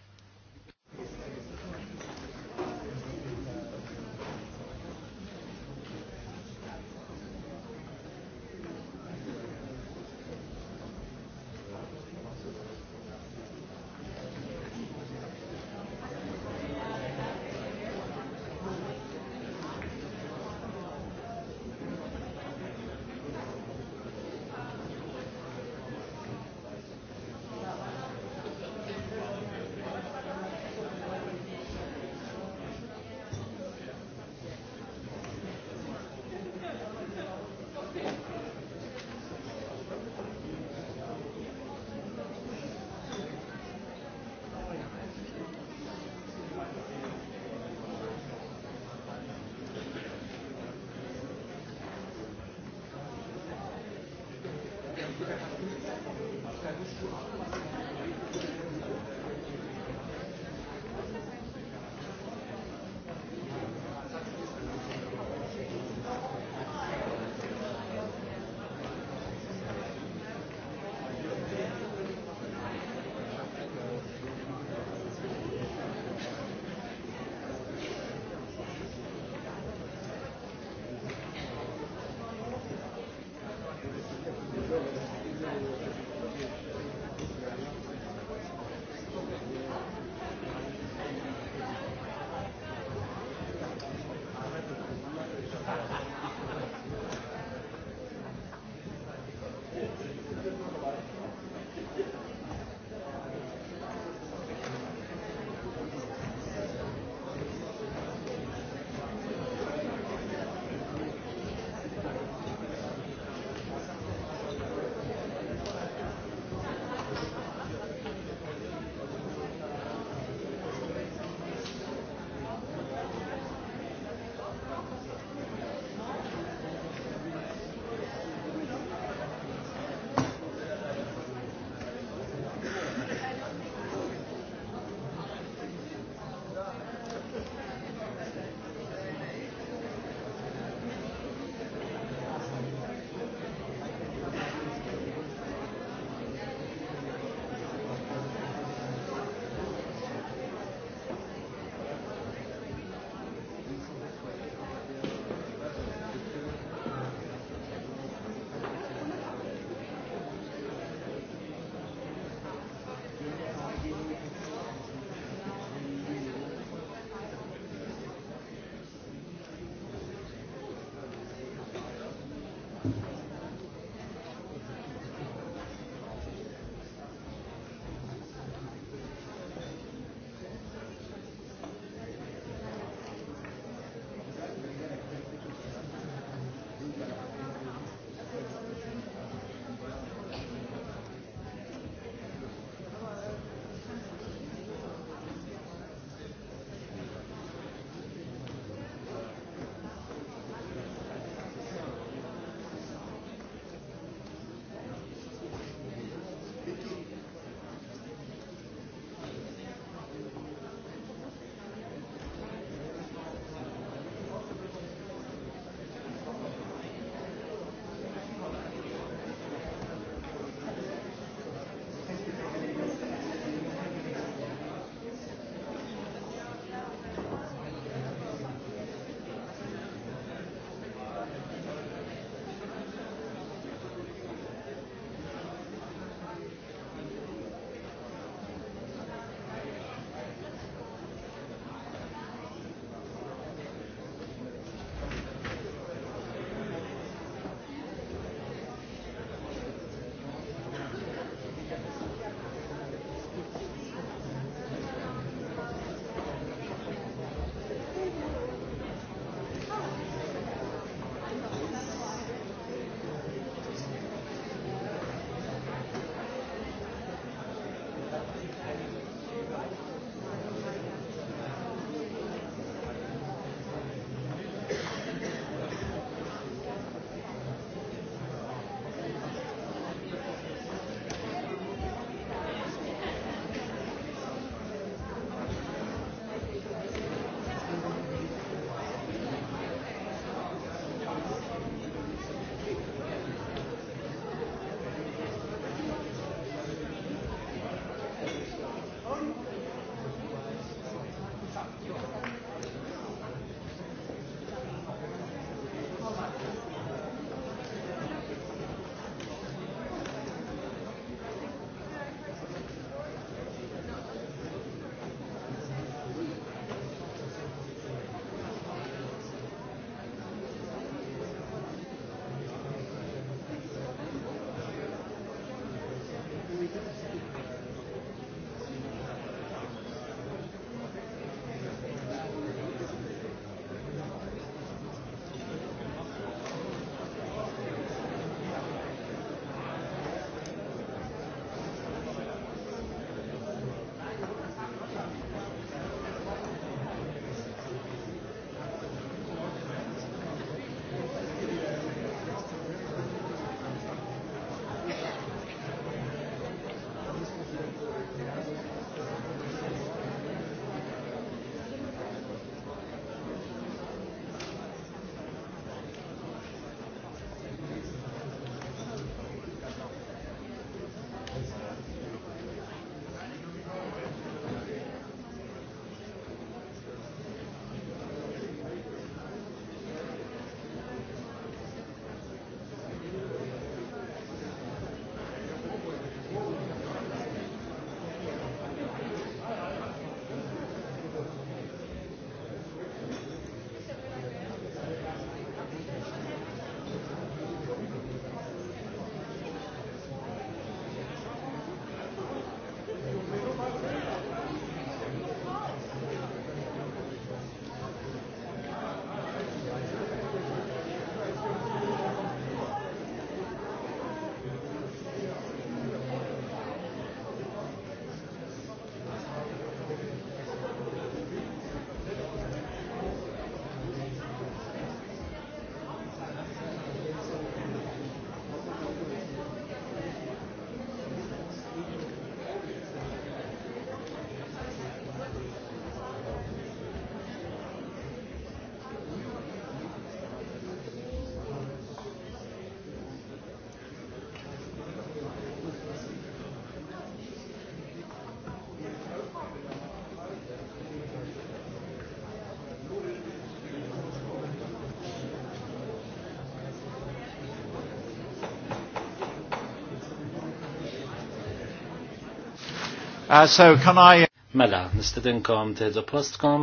Uh, so can I... Mela, nistedinkom teħdu postkom.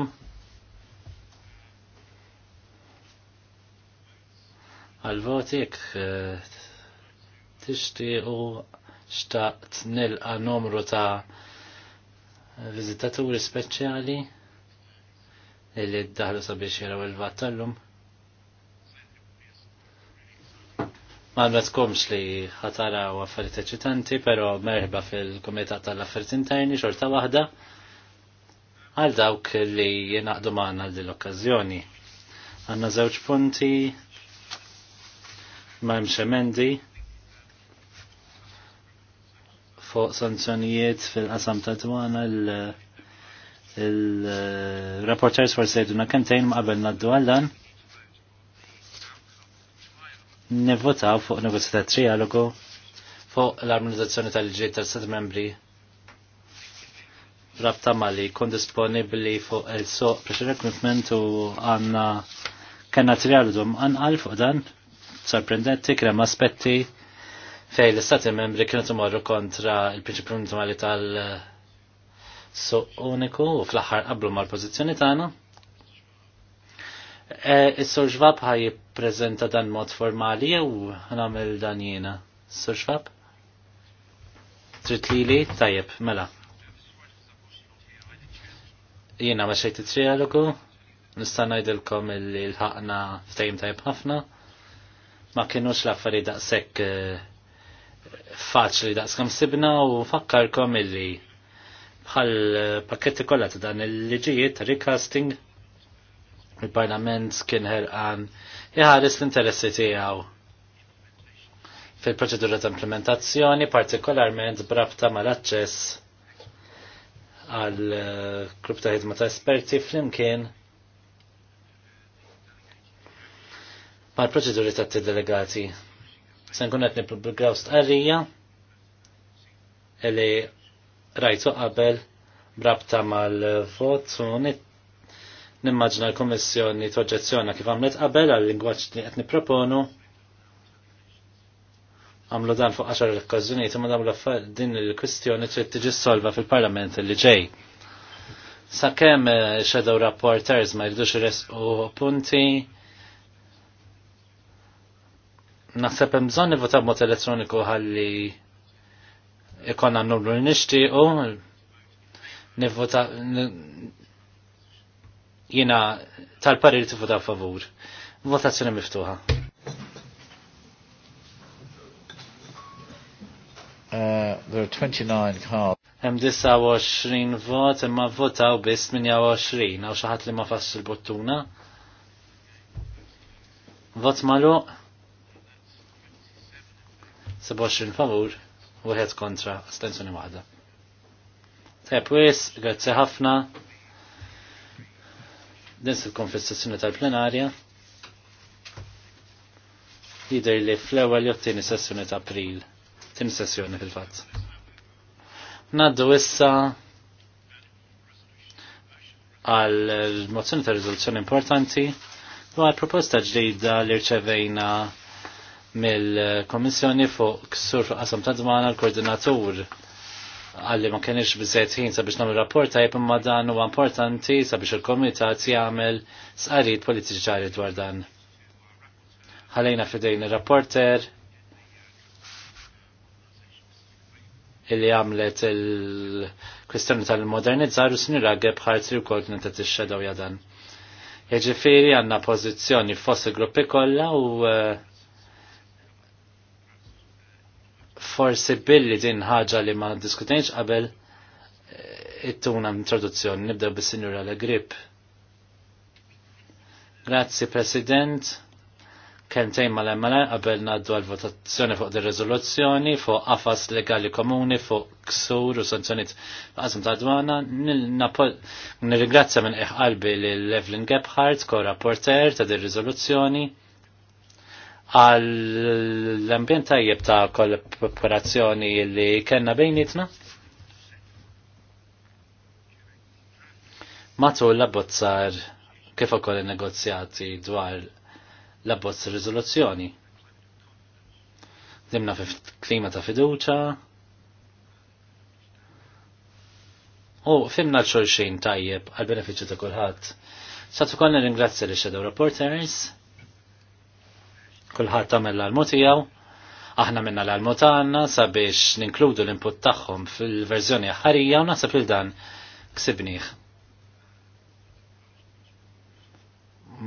Għal-votik eh, tixti u xtaqt nilqa numru ta' vizitaturi speċjali li daħlu sabiex jaraw il-vat tal-lum. Ma għadmetkomx li ħataraw affarijiet eċitanti, pero merħba fil-Komitat tal-Affarijiet Interni xorta waħda għal dawk li jenaqdu maħna għal dil-okkazjoni. Għanna żewġ punti ma' emendi. fuq sanzjonijiet fil-qasam ta' twana il-rapporters for Sejduna kentejn ma' qabel għal dan nivvotaw fuq negozju trialogu fuq l-armonizzazzjoni tal-ġiet tal-Stati membri rabta mali kun disponibli fuq il-soq pressure recruitment u għanna kena trialogu għanqal fuq dan sorprendenti krem aspetti fej l-Stati membri kienu tumorru kontra il-prinċipju tal- soq uniku u fl-axar qablu mal-pozizjoni tagħna. E, Is-sur ħaj prezenta dan mod formali jew nagħmel dan jena? Sur ġvab? Trid tajjeb, mela. Jiena ma xejti trialogu, nista' ngħidilkom li l-ħaqna ftehim tajjeb ħafna. Ma kienux l-affarijiet daqshekk e, faċli daqskam sibna u fakkarkom illi bħal e, pakketti kollha ta' dan il-liġijiet recasting Il-Parlament kien ħerqan jħares l-interessi tiegħu fil-proċedura ta' implementazzjoni, partikolarment brabta mal-aċċess għal eh, grupp ta' ħidma ta' esperti flimkien mal proċeduri ta' t-delegati. Sen kunet nipublikaw stqarrija li rajtu qabel brabta mal-vot u Nimmaġna l-Kommissjoni toġġezzjona kif għamlet qabel għal lingwaġġ li qed nipproponu. Għamlu dan fuq 10 okkażjonijiet imma dawn din il-kwistjoni trid tiġi solva fil-Parlament li ġej. Sakemm eh, shadow rapporters ma jridux iresqu punti naħseb hemm bżonn nivvota b'mod elettroniku ħalli ikon għannu l nixtiequ nivvota jina tal-parir tifutaw favur. Votazzjoni miftuħa. Uh, there are 29 cards. Hemm 29 vot, imma votaw biss 28, għaw ħadd li ma fass il-bottuna. Vot malu. 27 favur, wieħed kontra, stenzjoni waħda. Tepwis, grazzi ħafna din il konfessazzjoni tal-plenarja jider li fl-ewwel jottini tieni sessjoni ta' April, tieni sessjoni fil-fatt. Naddu issa għal mozzjoni ta' riżoluzzjoni importanti dwar proposta ġdida li rċevejna mill-Komissjoni fuq ksur qasam ta' dmana l-koordinatur għalli ma kienx bizzet ħin sabiex nagħmlu rapport tajjeb imma dan huwa importanti sabiex il-komitat jagħmel sqarit politiċari dwar dan. Ħalejna fidejn ir-rapporter illi għamlet il-kwistjoni tal-modernizzar u sinira gebħartri u kol kienet t-xedaw jadan. Jġifiri għanna pozizjoni fost il-gruppi kolla u uh, forsi billi din ħaġa li ma diskutenx qabel eh, it-tuna introduzzjoni nibda bis-Sinjura grip. Grazzi President, kentejn mal emmela qabel naddu għal-votazzjoni fuq dir rezoluzzjoni fuq qafas legali komuni fuq ksur u sanzjoniet għazm ta' dwana. Nirringrazzja minn iħqalbi lil Evelyn Gebhardt, ko rapporter ta' dir rezoluzzjoni għall-ambjent tajjeb ta' kollaborazzjoni li kellna bejnietna? Matul l-abbozzar kif ukoll negozjati dwar l-abbozz riżoluzzjoni. Dimna fi klima ta' fiduċa. U fimna l-xulxin tajjeb għal benefiċċju ta' kulħadd. Sa tkun nirringrazzja li shadow reporters Kulħadd tagħmel l-almu tiegħu. Aħna minna l-almu tagħna sabiex ninkludu l-input tagħhom fil-verżjoni ħarija u naħseb lil dan ksibnieh.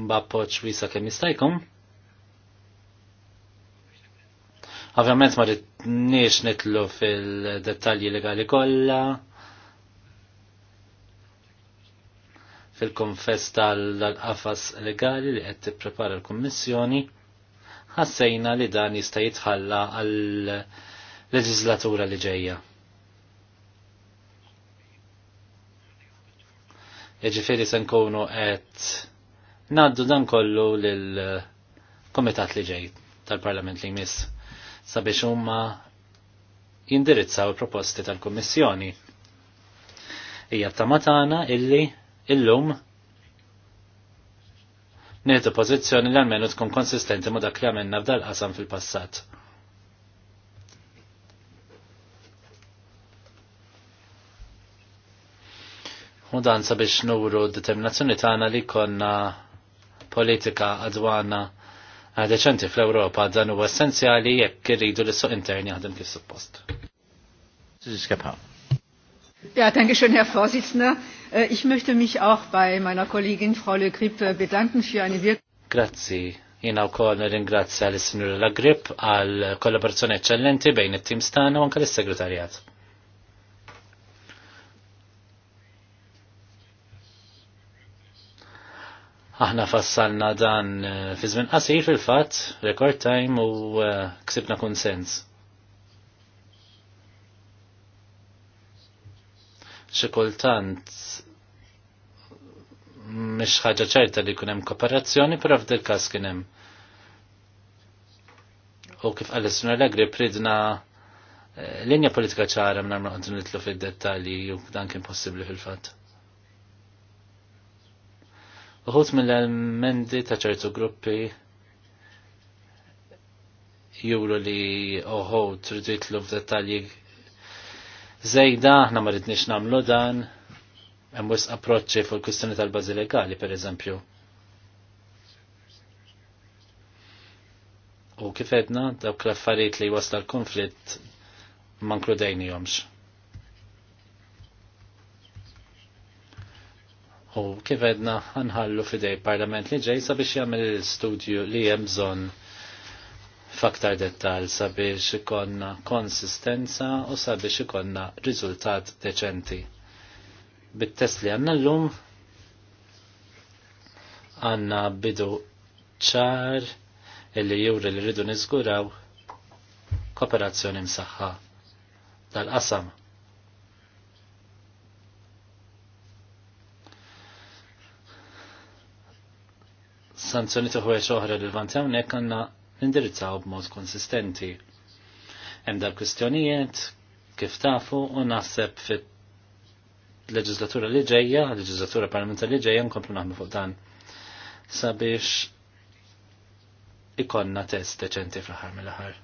Mbappoċ wisa kemm jistajkom. Ovvjament ma ridniex nitlu fil-dettalji legali kollha. Fil-konfess tal-qafas legali li qed tipprepara l-Kummissjoni ħassejna li dan jista' jitħalla għal leġislatura li ġejja. Jiġifieri se nkunu qed ngħaddu dan kollu lil komitat li ġej tal-Parlament li jmiss sabiex huma jindirizzaw il-proposti tal-Kummissjoni. Hija tamatana illi illum nieħdu pożizzjoni li għalmenu tkun konsistenti ma' dak li għamilna f'dal qasam fil-passat. U dan sabiex nuru determinazzjoni tagħna li konna politika għadwana għadeċenti fl ewropa dan huwa essenzjali jekk irridu l-suq intern jaħdem kif suppost. Tiġi Ja, danke schön, Herr Vorsitzender. Äh, ich möchte mich auch bei meiner Kollegin Frau Le Grip äh, bedanken für eine wirklich... Grazie. Jena u kol ringrazzja l-Sinjura La Grip għal kollaborazzjoni eccellenti bejn it-tim stana u anke l-segretarjat. Aħna fassalna dan eh, fi żmien qasir fil-fatt, record time u eh, ksibna konsens. xi kultant mhix ħaġa ċerta li jkun hemm kooperazzjoni, però f'dil każ kien hemm. U kif qal is Allegri pridna eh, linja politika ċara minn għamlu nitlu fid-dettalji u dan kien possibli fil-fatt. Uħut mill-elementi ta' ċertu gruppi juru li oħo tridu jitlu f'dettalji Zejda, aħna ma rridniex nagħmlu dan, hemm wisq approċċi fuq il-kwistjoni tal-bażi legali pereżempju. U kif edna dawk l-affarijiet li wasla l-konflitt ma nkludejnihomx. U kif edna ħanħallu fidej parlament li ġej sabiex jagħmel l-studju li hemm bżonn faktar dettal sabiex ikonna konsistenza u sabiex ikonna riżultat deċenti. Bit-test li għanna l-lum għanna bidu ċar illi juri li rridu nizguraw kooperazzjoni msaħħa tal-qasam. sanzjoni tuħu oħra l-vant hawnhekk għandna nindirizzaw b'mod konsistenti. Hemm dal kwistjonijiet kif tafu u naħseb fit leġislatura li ġejja, leġislatura parlamentari li ġejja nkomplu naħdmu fuq dan sabiex ikonna test deċenti fl-ħar mill-ħar.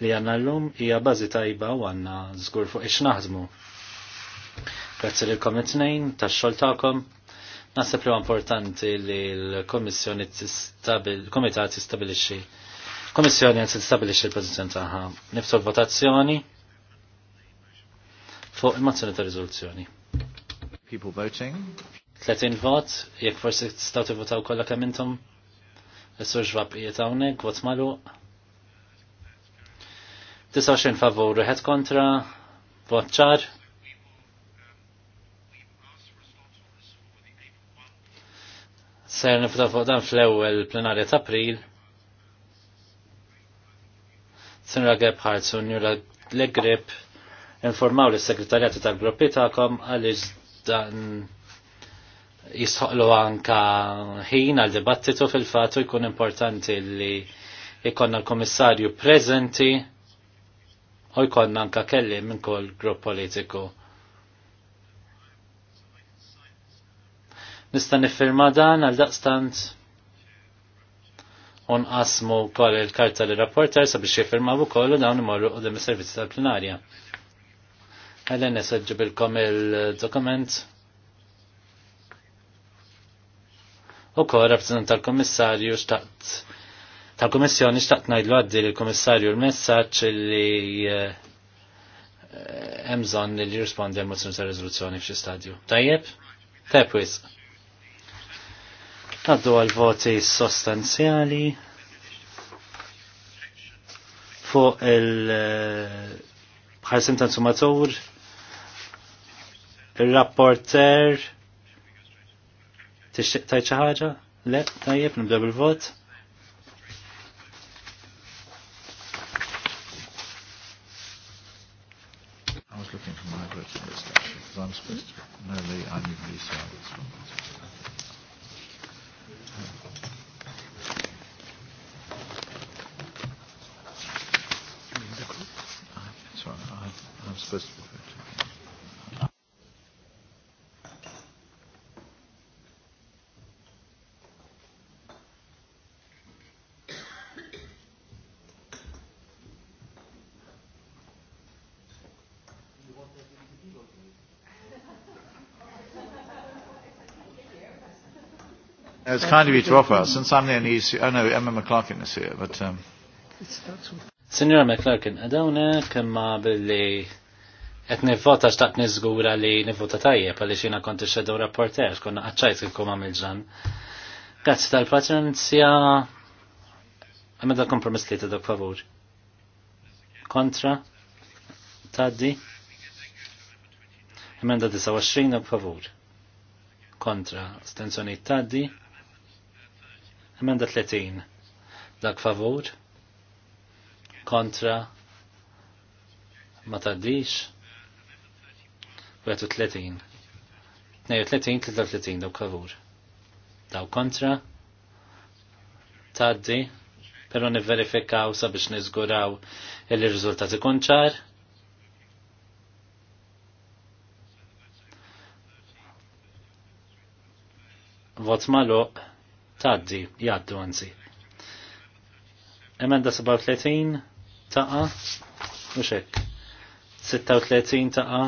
Li għanna l-lum hija bażi tajba u għanna żgur fuq ix naħdmu. Grazzi lilkom it-tnejn tax-xogħol tagħkom. Nasib li importanti li l-Komissjoni l-Komitat jistabilixxi Komissjoni għan tistabilixxi l-President taħħa. Niftu l-votazzjoni fuq il-mozzjoni ta' riżoluzzjoni. People voting. 30 vot, jekk forsi t tivvotaw kollha kemm intom. Is-sur ġvab qiegħed hawnhekk, vot magħluq. 29 favur, 1 kontra, vot ċar. ser nifta fuq dan fl-ewwel plenarja ta' April. Sinra Gebhardt u Njura Legrip informaw lis segretarjati tal-gruppi tagħkom għaliex dan jisħoqlu anka ħin għal dibattitu fil-fatu jkun importanti li jkonna l-komissarju prezenti u jkonna anka kelli minn kol grupp politiku Nista' nifferma dan għal daqstant unqasmu wkoll il-karta li rapporter sabiex jiffirmaw ukoll u dawn imorru dem is-servizzi tal-plenarja. Għalhekk neseġġibilkom il-dokument. U kol rappresentant tal-Komissarju xtaqt tal-Komissjoni xtaqt najdlu għaddi l-Komissarju l messaġġ li eh, emżon li jirrispondi għal mozzjoni tal riżoluzzjoni f'xi stadju. Tajjeb? wisq. Għaddu għal voti sostanzjali fuq il-ħarsim ta' konsumatur, il-rapporter, tixtieq tajt Le, tajjeb nibda bil-vot. I was looking for my voting list actually, because I'm supposed to. No, I need to be silent. first. It's kind of you to offer, since I'm the only issue. Oh no, Emma McClarkin is here, but. Um... Signora McClarkin, I don't know, come on, believe. Et nivvota xtaqt nizgura li nivvota tajjeb għalli xina konti xedow rapporter, konna għacċajt kikum għamil għamilġan. Grazzi tal-paċenzja, għamil da kompromiss li t-dak favur. Kontra, taddi, emenda 29 favur. Kontra, stenzjoni taddi, emenda 30, dak favur. Kontra, ma taddix, 31. 30. 33, daw kavur. Daw kontra. Taddi. Pero niverifikaw sabiex nizguraw il-rizultati kun ċar. Vot malu. Taddi. Jaddu għanzi. Emenda 37. Taqa. Muxek. 36 taqa.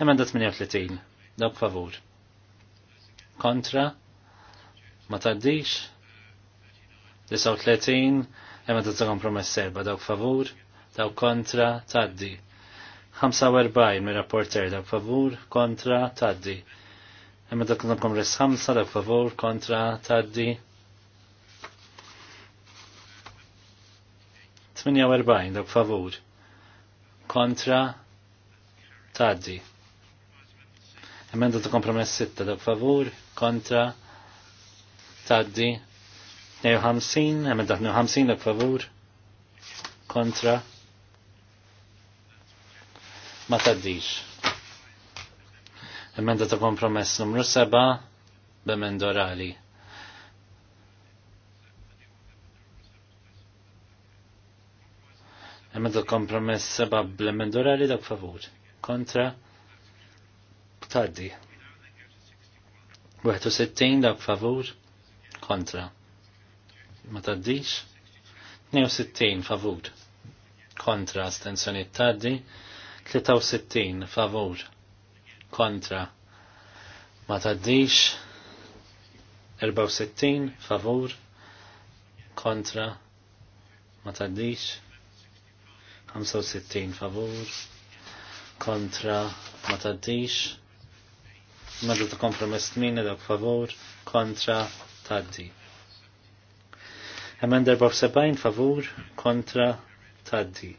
Emenda 38. Dawk favur. Kontra. Ma taddix. 39. Emenda ta' kompromess serba. Dawk favur. Dawk kontra. Taddi. 45 mir rapporter dawk favur. Kontra. Taddi. Emenda ta' kompromess 5. Dawk favur. Kontra. Taddi. 48 dawk favur. Kontra. Taddi. Emenda ta' kompromess 6 dak favur kontra taddi 52, emenda 52 dak favur kontra ma taddix. Emenda ta' kompromess numru 7 b'emenda orali. Emenda kompromess 7 b'emenda orali dak favur kontra taddi. 61 dak favur kontra. Ma taddix. 62 favur kontra astensjoni taddi. 63 favur kontra. Ma taddix. 64 favur kontra. Ma taddix. 65 favur kontra. Ma taddix. Nadu ta' kompromess min dak favor kontra taddi. Emenda sebajn favor kontra taddi.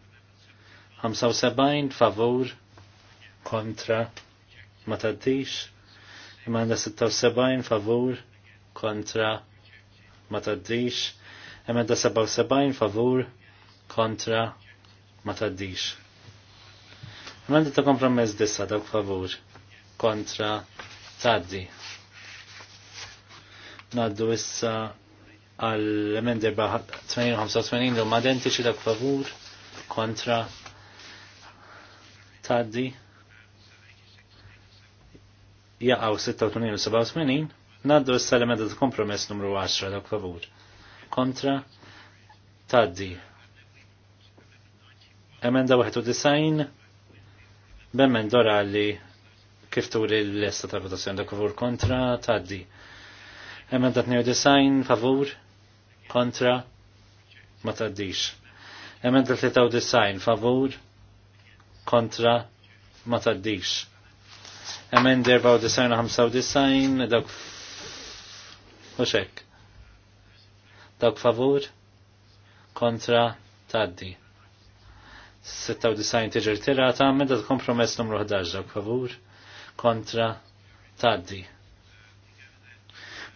sebajn favor kontra ma taddix. Emenda sebajn favur kontra ma taddix. Emenda sebajn favur kontra ma taddix. da' ta' kompromess dissa dak favur kontra taddi. Naddu issa għal-emendi 85 l-um identiċi dak favur kontra taddi jaqaw 86 87 naddu issa l-emendi ta' kompromess numru 10 dak favur kontra taddi emenda 91 bemmen li kif turi l-lesta ta' votazzjoni da' favur kontra taddi. Emendat 92 favur kontra ma taddix. Emendat 93 favur kontra ma taddix. Emend u 95 dawk u xek. Dawk favur kontra taddi. 96 tiġir tira ta' medda kompromess numru 11 dawk favur kontra taddi.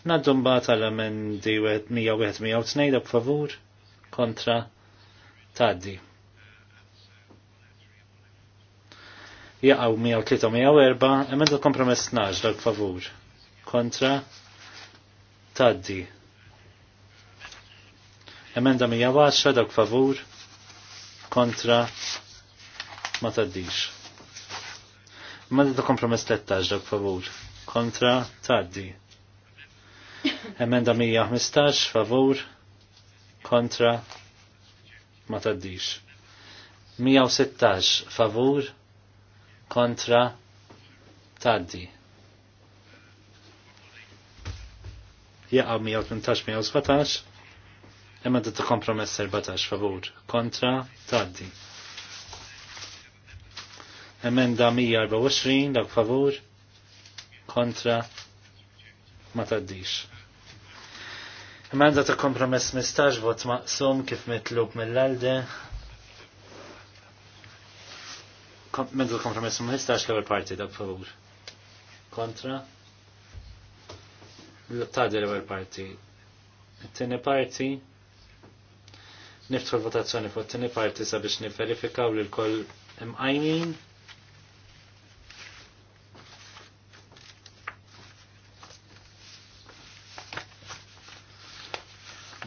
Naddum bat għal-emendi 101-102 dak favur kontra taddi. Jaqaw 103-104 emenda kompromess 12 dak favur kontra taddi. Emenda 110 dak favur kontra ma taddix. Ma da kompromess 13 dak favur. Kontra taddi. Emenda 115 favur. Kontra ma taddix. 116 favur. Kontra taddi. Jaqa 118-117. Emenda ta' kompromess 14 favur. Kontra taddi. Emenda 124 dak favur kontra ma taddix. Emenda ta' kompromess mistax vot maqsum kif mitlub mill-alde. Emenda ta' kompromess mistax l-ewwel parti dak favur. Kontra. Tadi l-ewwel parti. it parti niftħu l-votazzjoni fuq it-tieni parti sabiex niverifikaw lil kol imqajmin.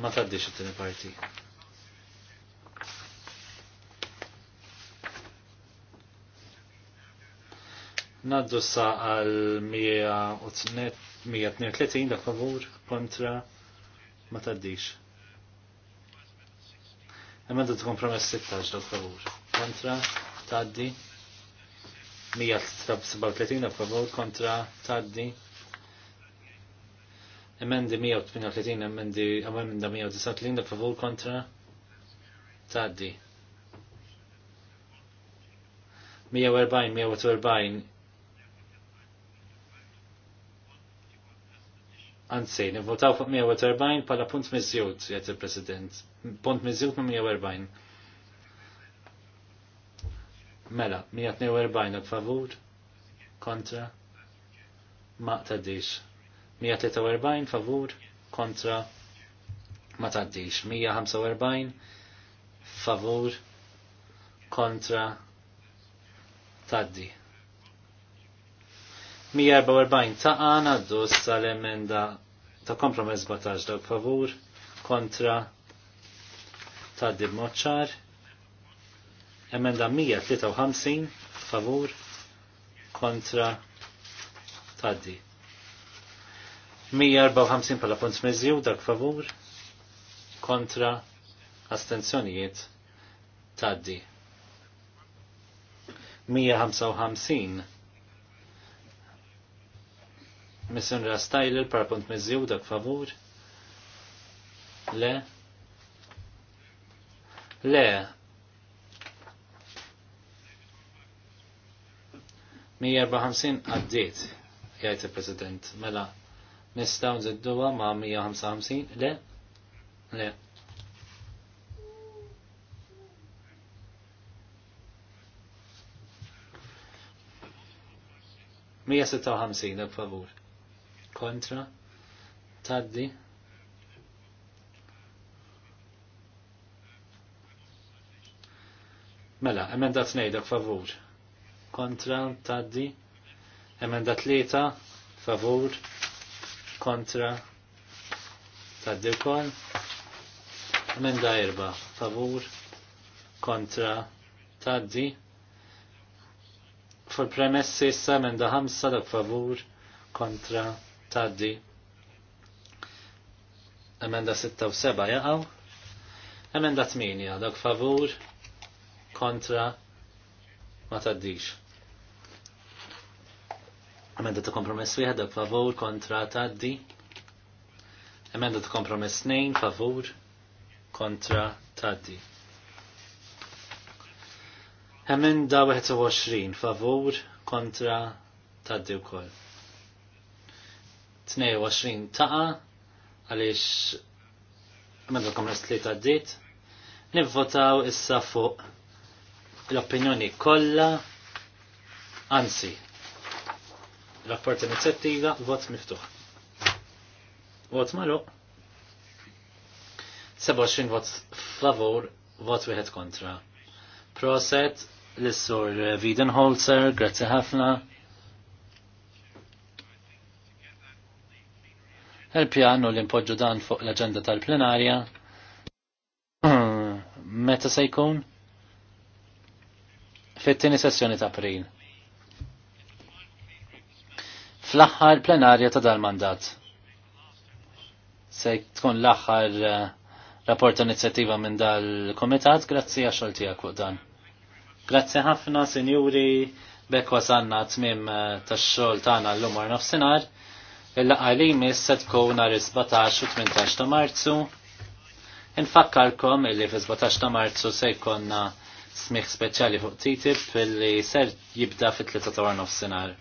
Ma taddix it-tieni parti. Naddu sa għal 132 dak favur kontra ma taddix. Imma da kompromess 16 dak favur kontra taddi 137 dak favur kontra taddi Emendi 138, emendi emenda 139 linda favur kontra taddi. 140, 140 Anzi, nivvotaw fuq 140 pala punt mizzjut, jgħet il-President. Punt mizzjut ma' 140. Mela, 142 għak favur, kontra, ma' tadix. 143 favur kontra ma taddix. 145 favur kontra taddi. 144 ta' għana dus sal-emenda ta' kompromess bataġ dawk favur kontra taddi moċċar. Emenda 153 favur kontra taddi. 154 pala punt u dak favur kontra astenzjonijiet taddi. 155 Mission Missin Rastajl pala punt mezzi u dak favur le le 154 għaddit jgħajt il-President mela Nistaw nżidduha ma' 155? Le? Le. Mija sitta ħamsin, favur. Kontra? Taddi? Mela, emenda tnejda favur. Kontra, taddi. Emenda tlieta, favur kontra taddilkon emenda erba favur kontra taddi Fur premessi issa emenda ħamsa dak favur kontra taddi emenda 6 u seba jaqaw emenda 8 dak favur kontra ma taddix Emenda ta' kompromess wieħed favur kontra taddi. Emenda ta' kompromess nejn favur kontra taddi. Emenda 21 favur kontra taddi wkoll. 22 taqa għaliex emenda kompromess li taddit. Nivvotaw issa fuq l-opinjoni kollha anzi Rapporti inizjattiva, vot miftuħ. Vot malu. 27 vot favor, vot wieħed kontra. Proset l-sur Wiedenholzer, grazie ħafna. Il-pjanu li npoġġu dan fuq l-agenda tal-plenarja. *clears throat* Meta se jkun? Fit-tieni sessjoni ta' april fl-aħħar plenarja ta' dal-mandat. Se tkun l-aħħar eh, rapport inizjattiva minn dal-komitat, grazzi għaxol tijak fuq dan. Grazzi ħafna, senjuri, bekwa sanna tmim eh, ta' xol tana l-lumar nofsinar, il għalim se tkun għar 17 u 18 ta' marzu. Infakkarkom illi fi 17 ta' marzu se jkonna smiħ speċjali fuq TTIP illi ser jibda fit-3 ta' nofsinar.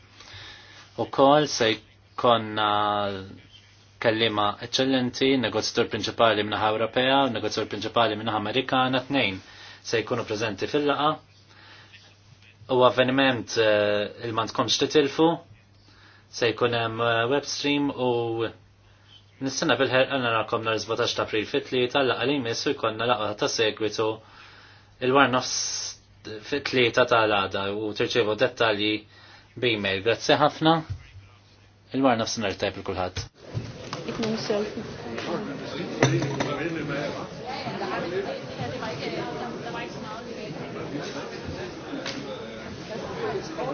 U kol se konna kellima eccellenti, negozjatur prinċipali minnaħa Ewropea, negozjatur prinċipali minnaħa Amerikana, tnejn se jkunu prezenti fil-laqa. U avveniment eh, il-mant komx titilfu, se jkunem eh, webstream u Nissena bil-ħer għanna rakom nar 17 ta' april fitli tal-laqa li jmissu jkonna laqa ta' segwitu il-war nofs ta' tal-għada u terċevu dettalji b Bejmel, grazie ħafna. Il-war nafsinar tajb il-kulħadd.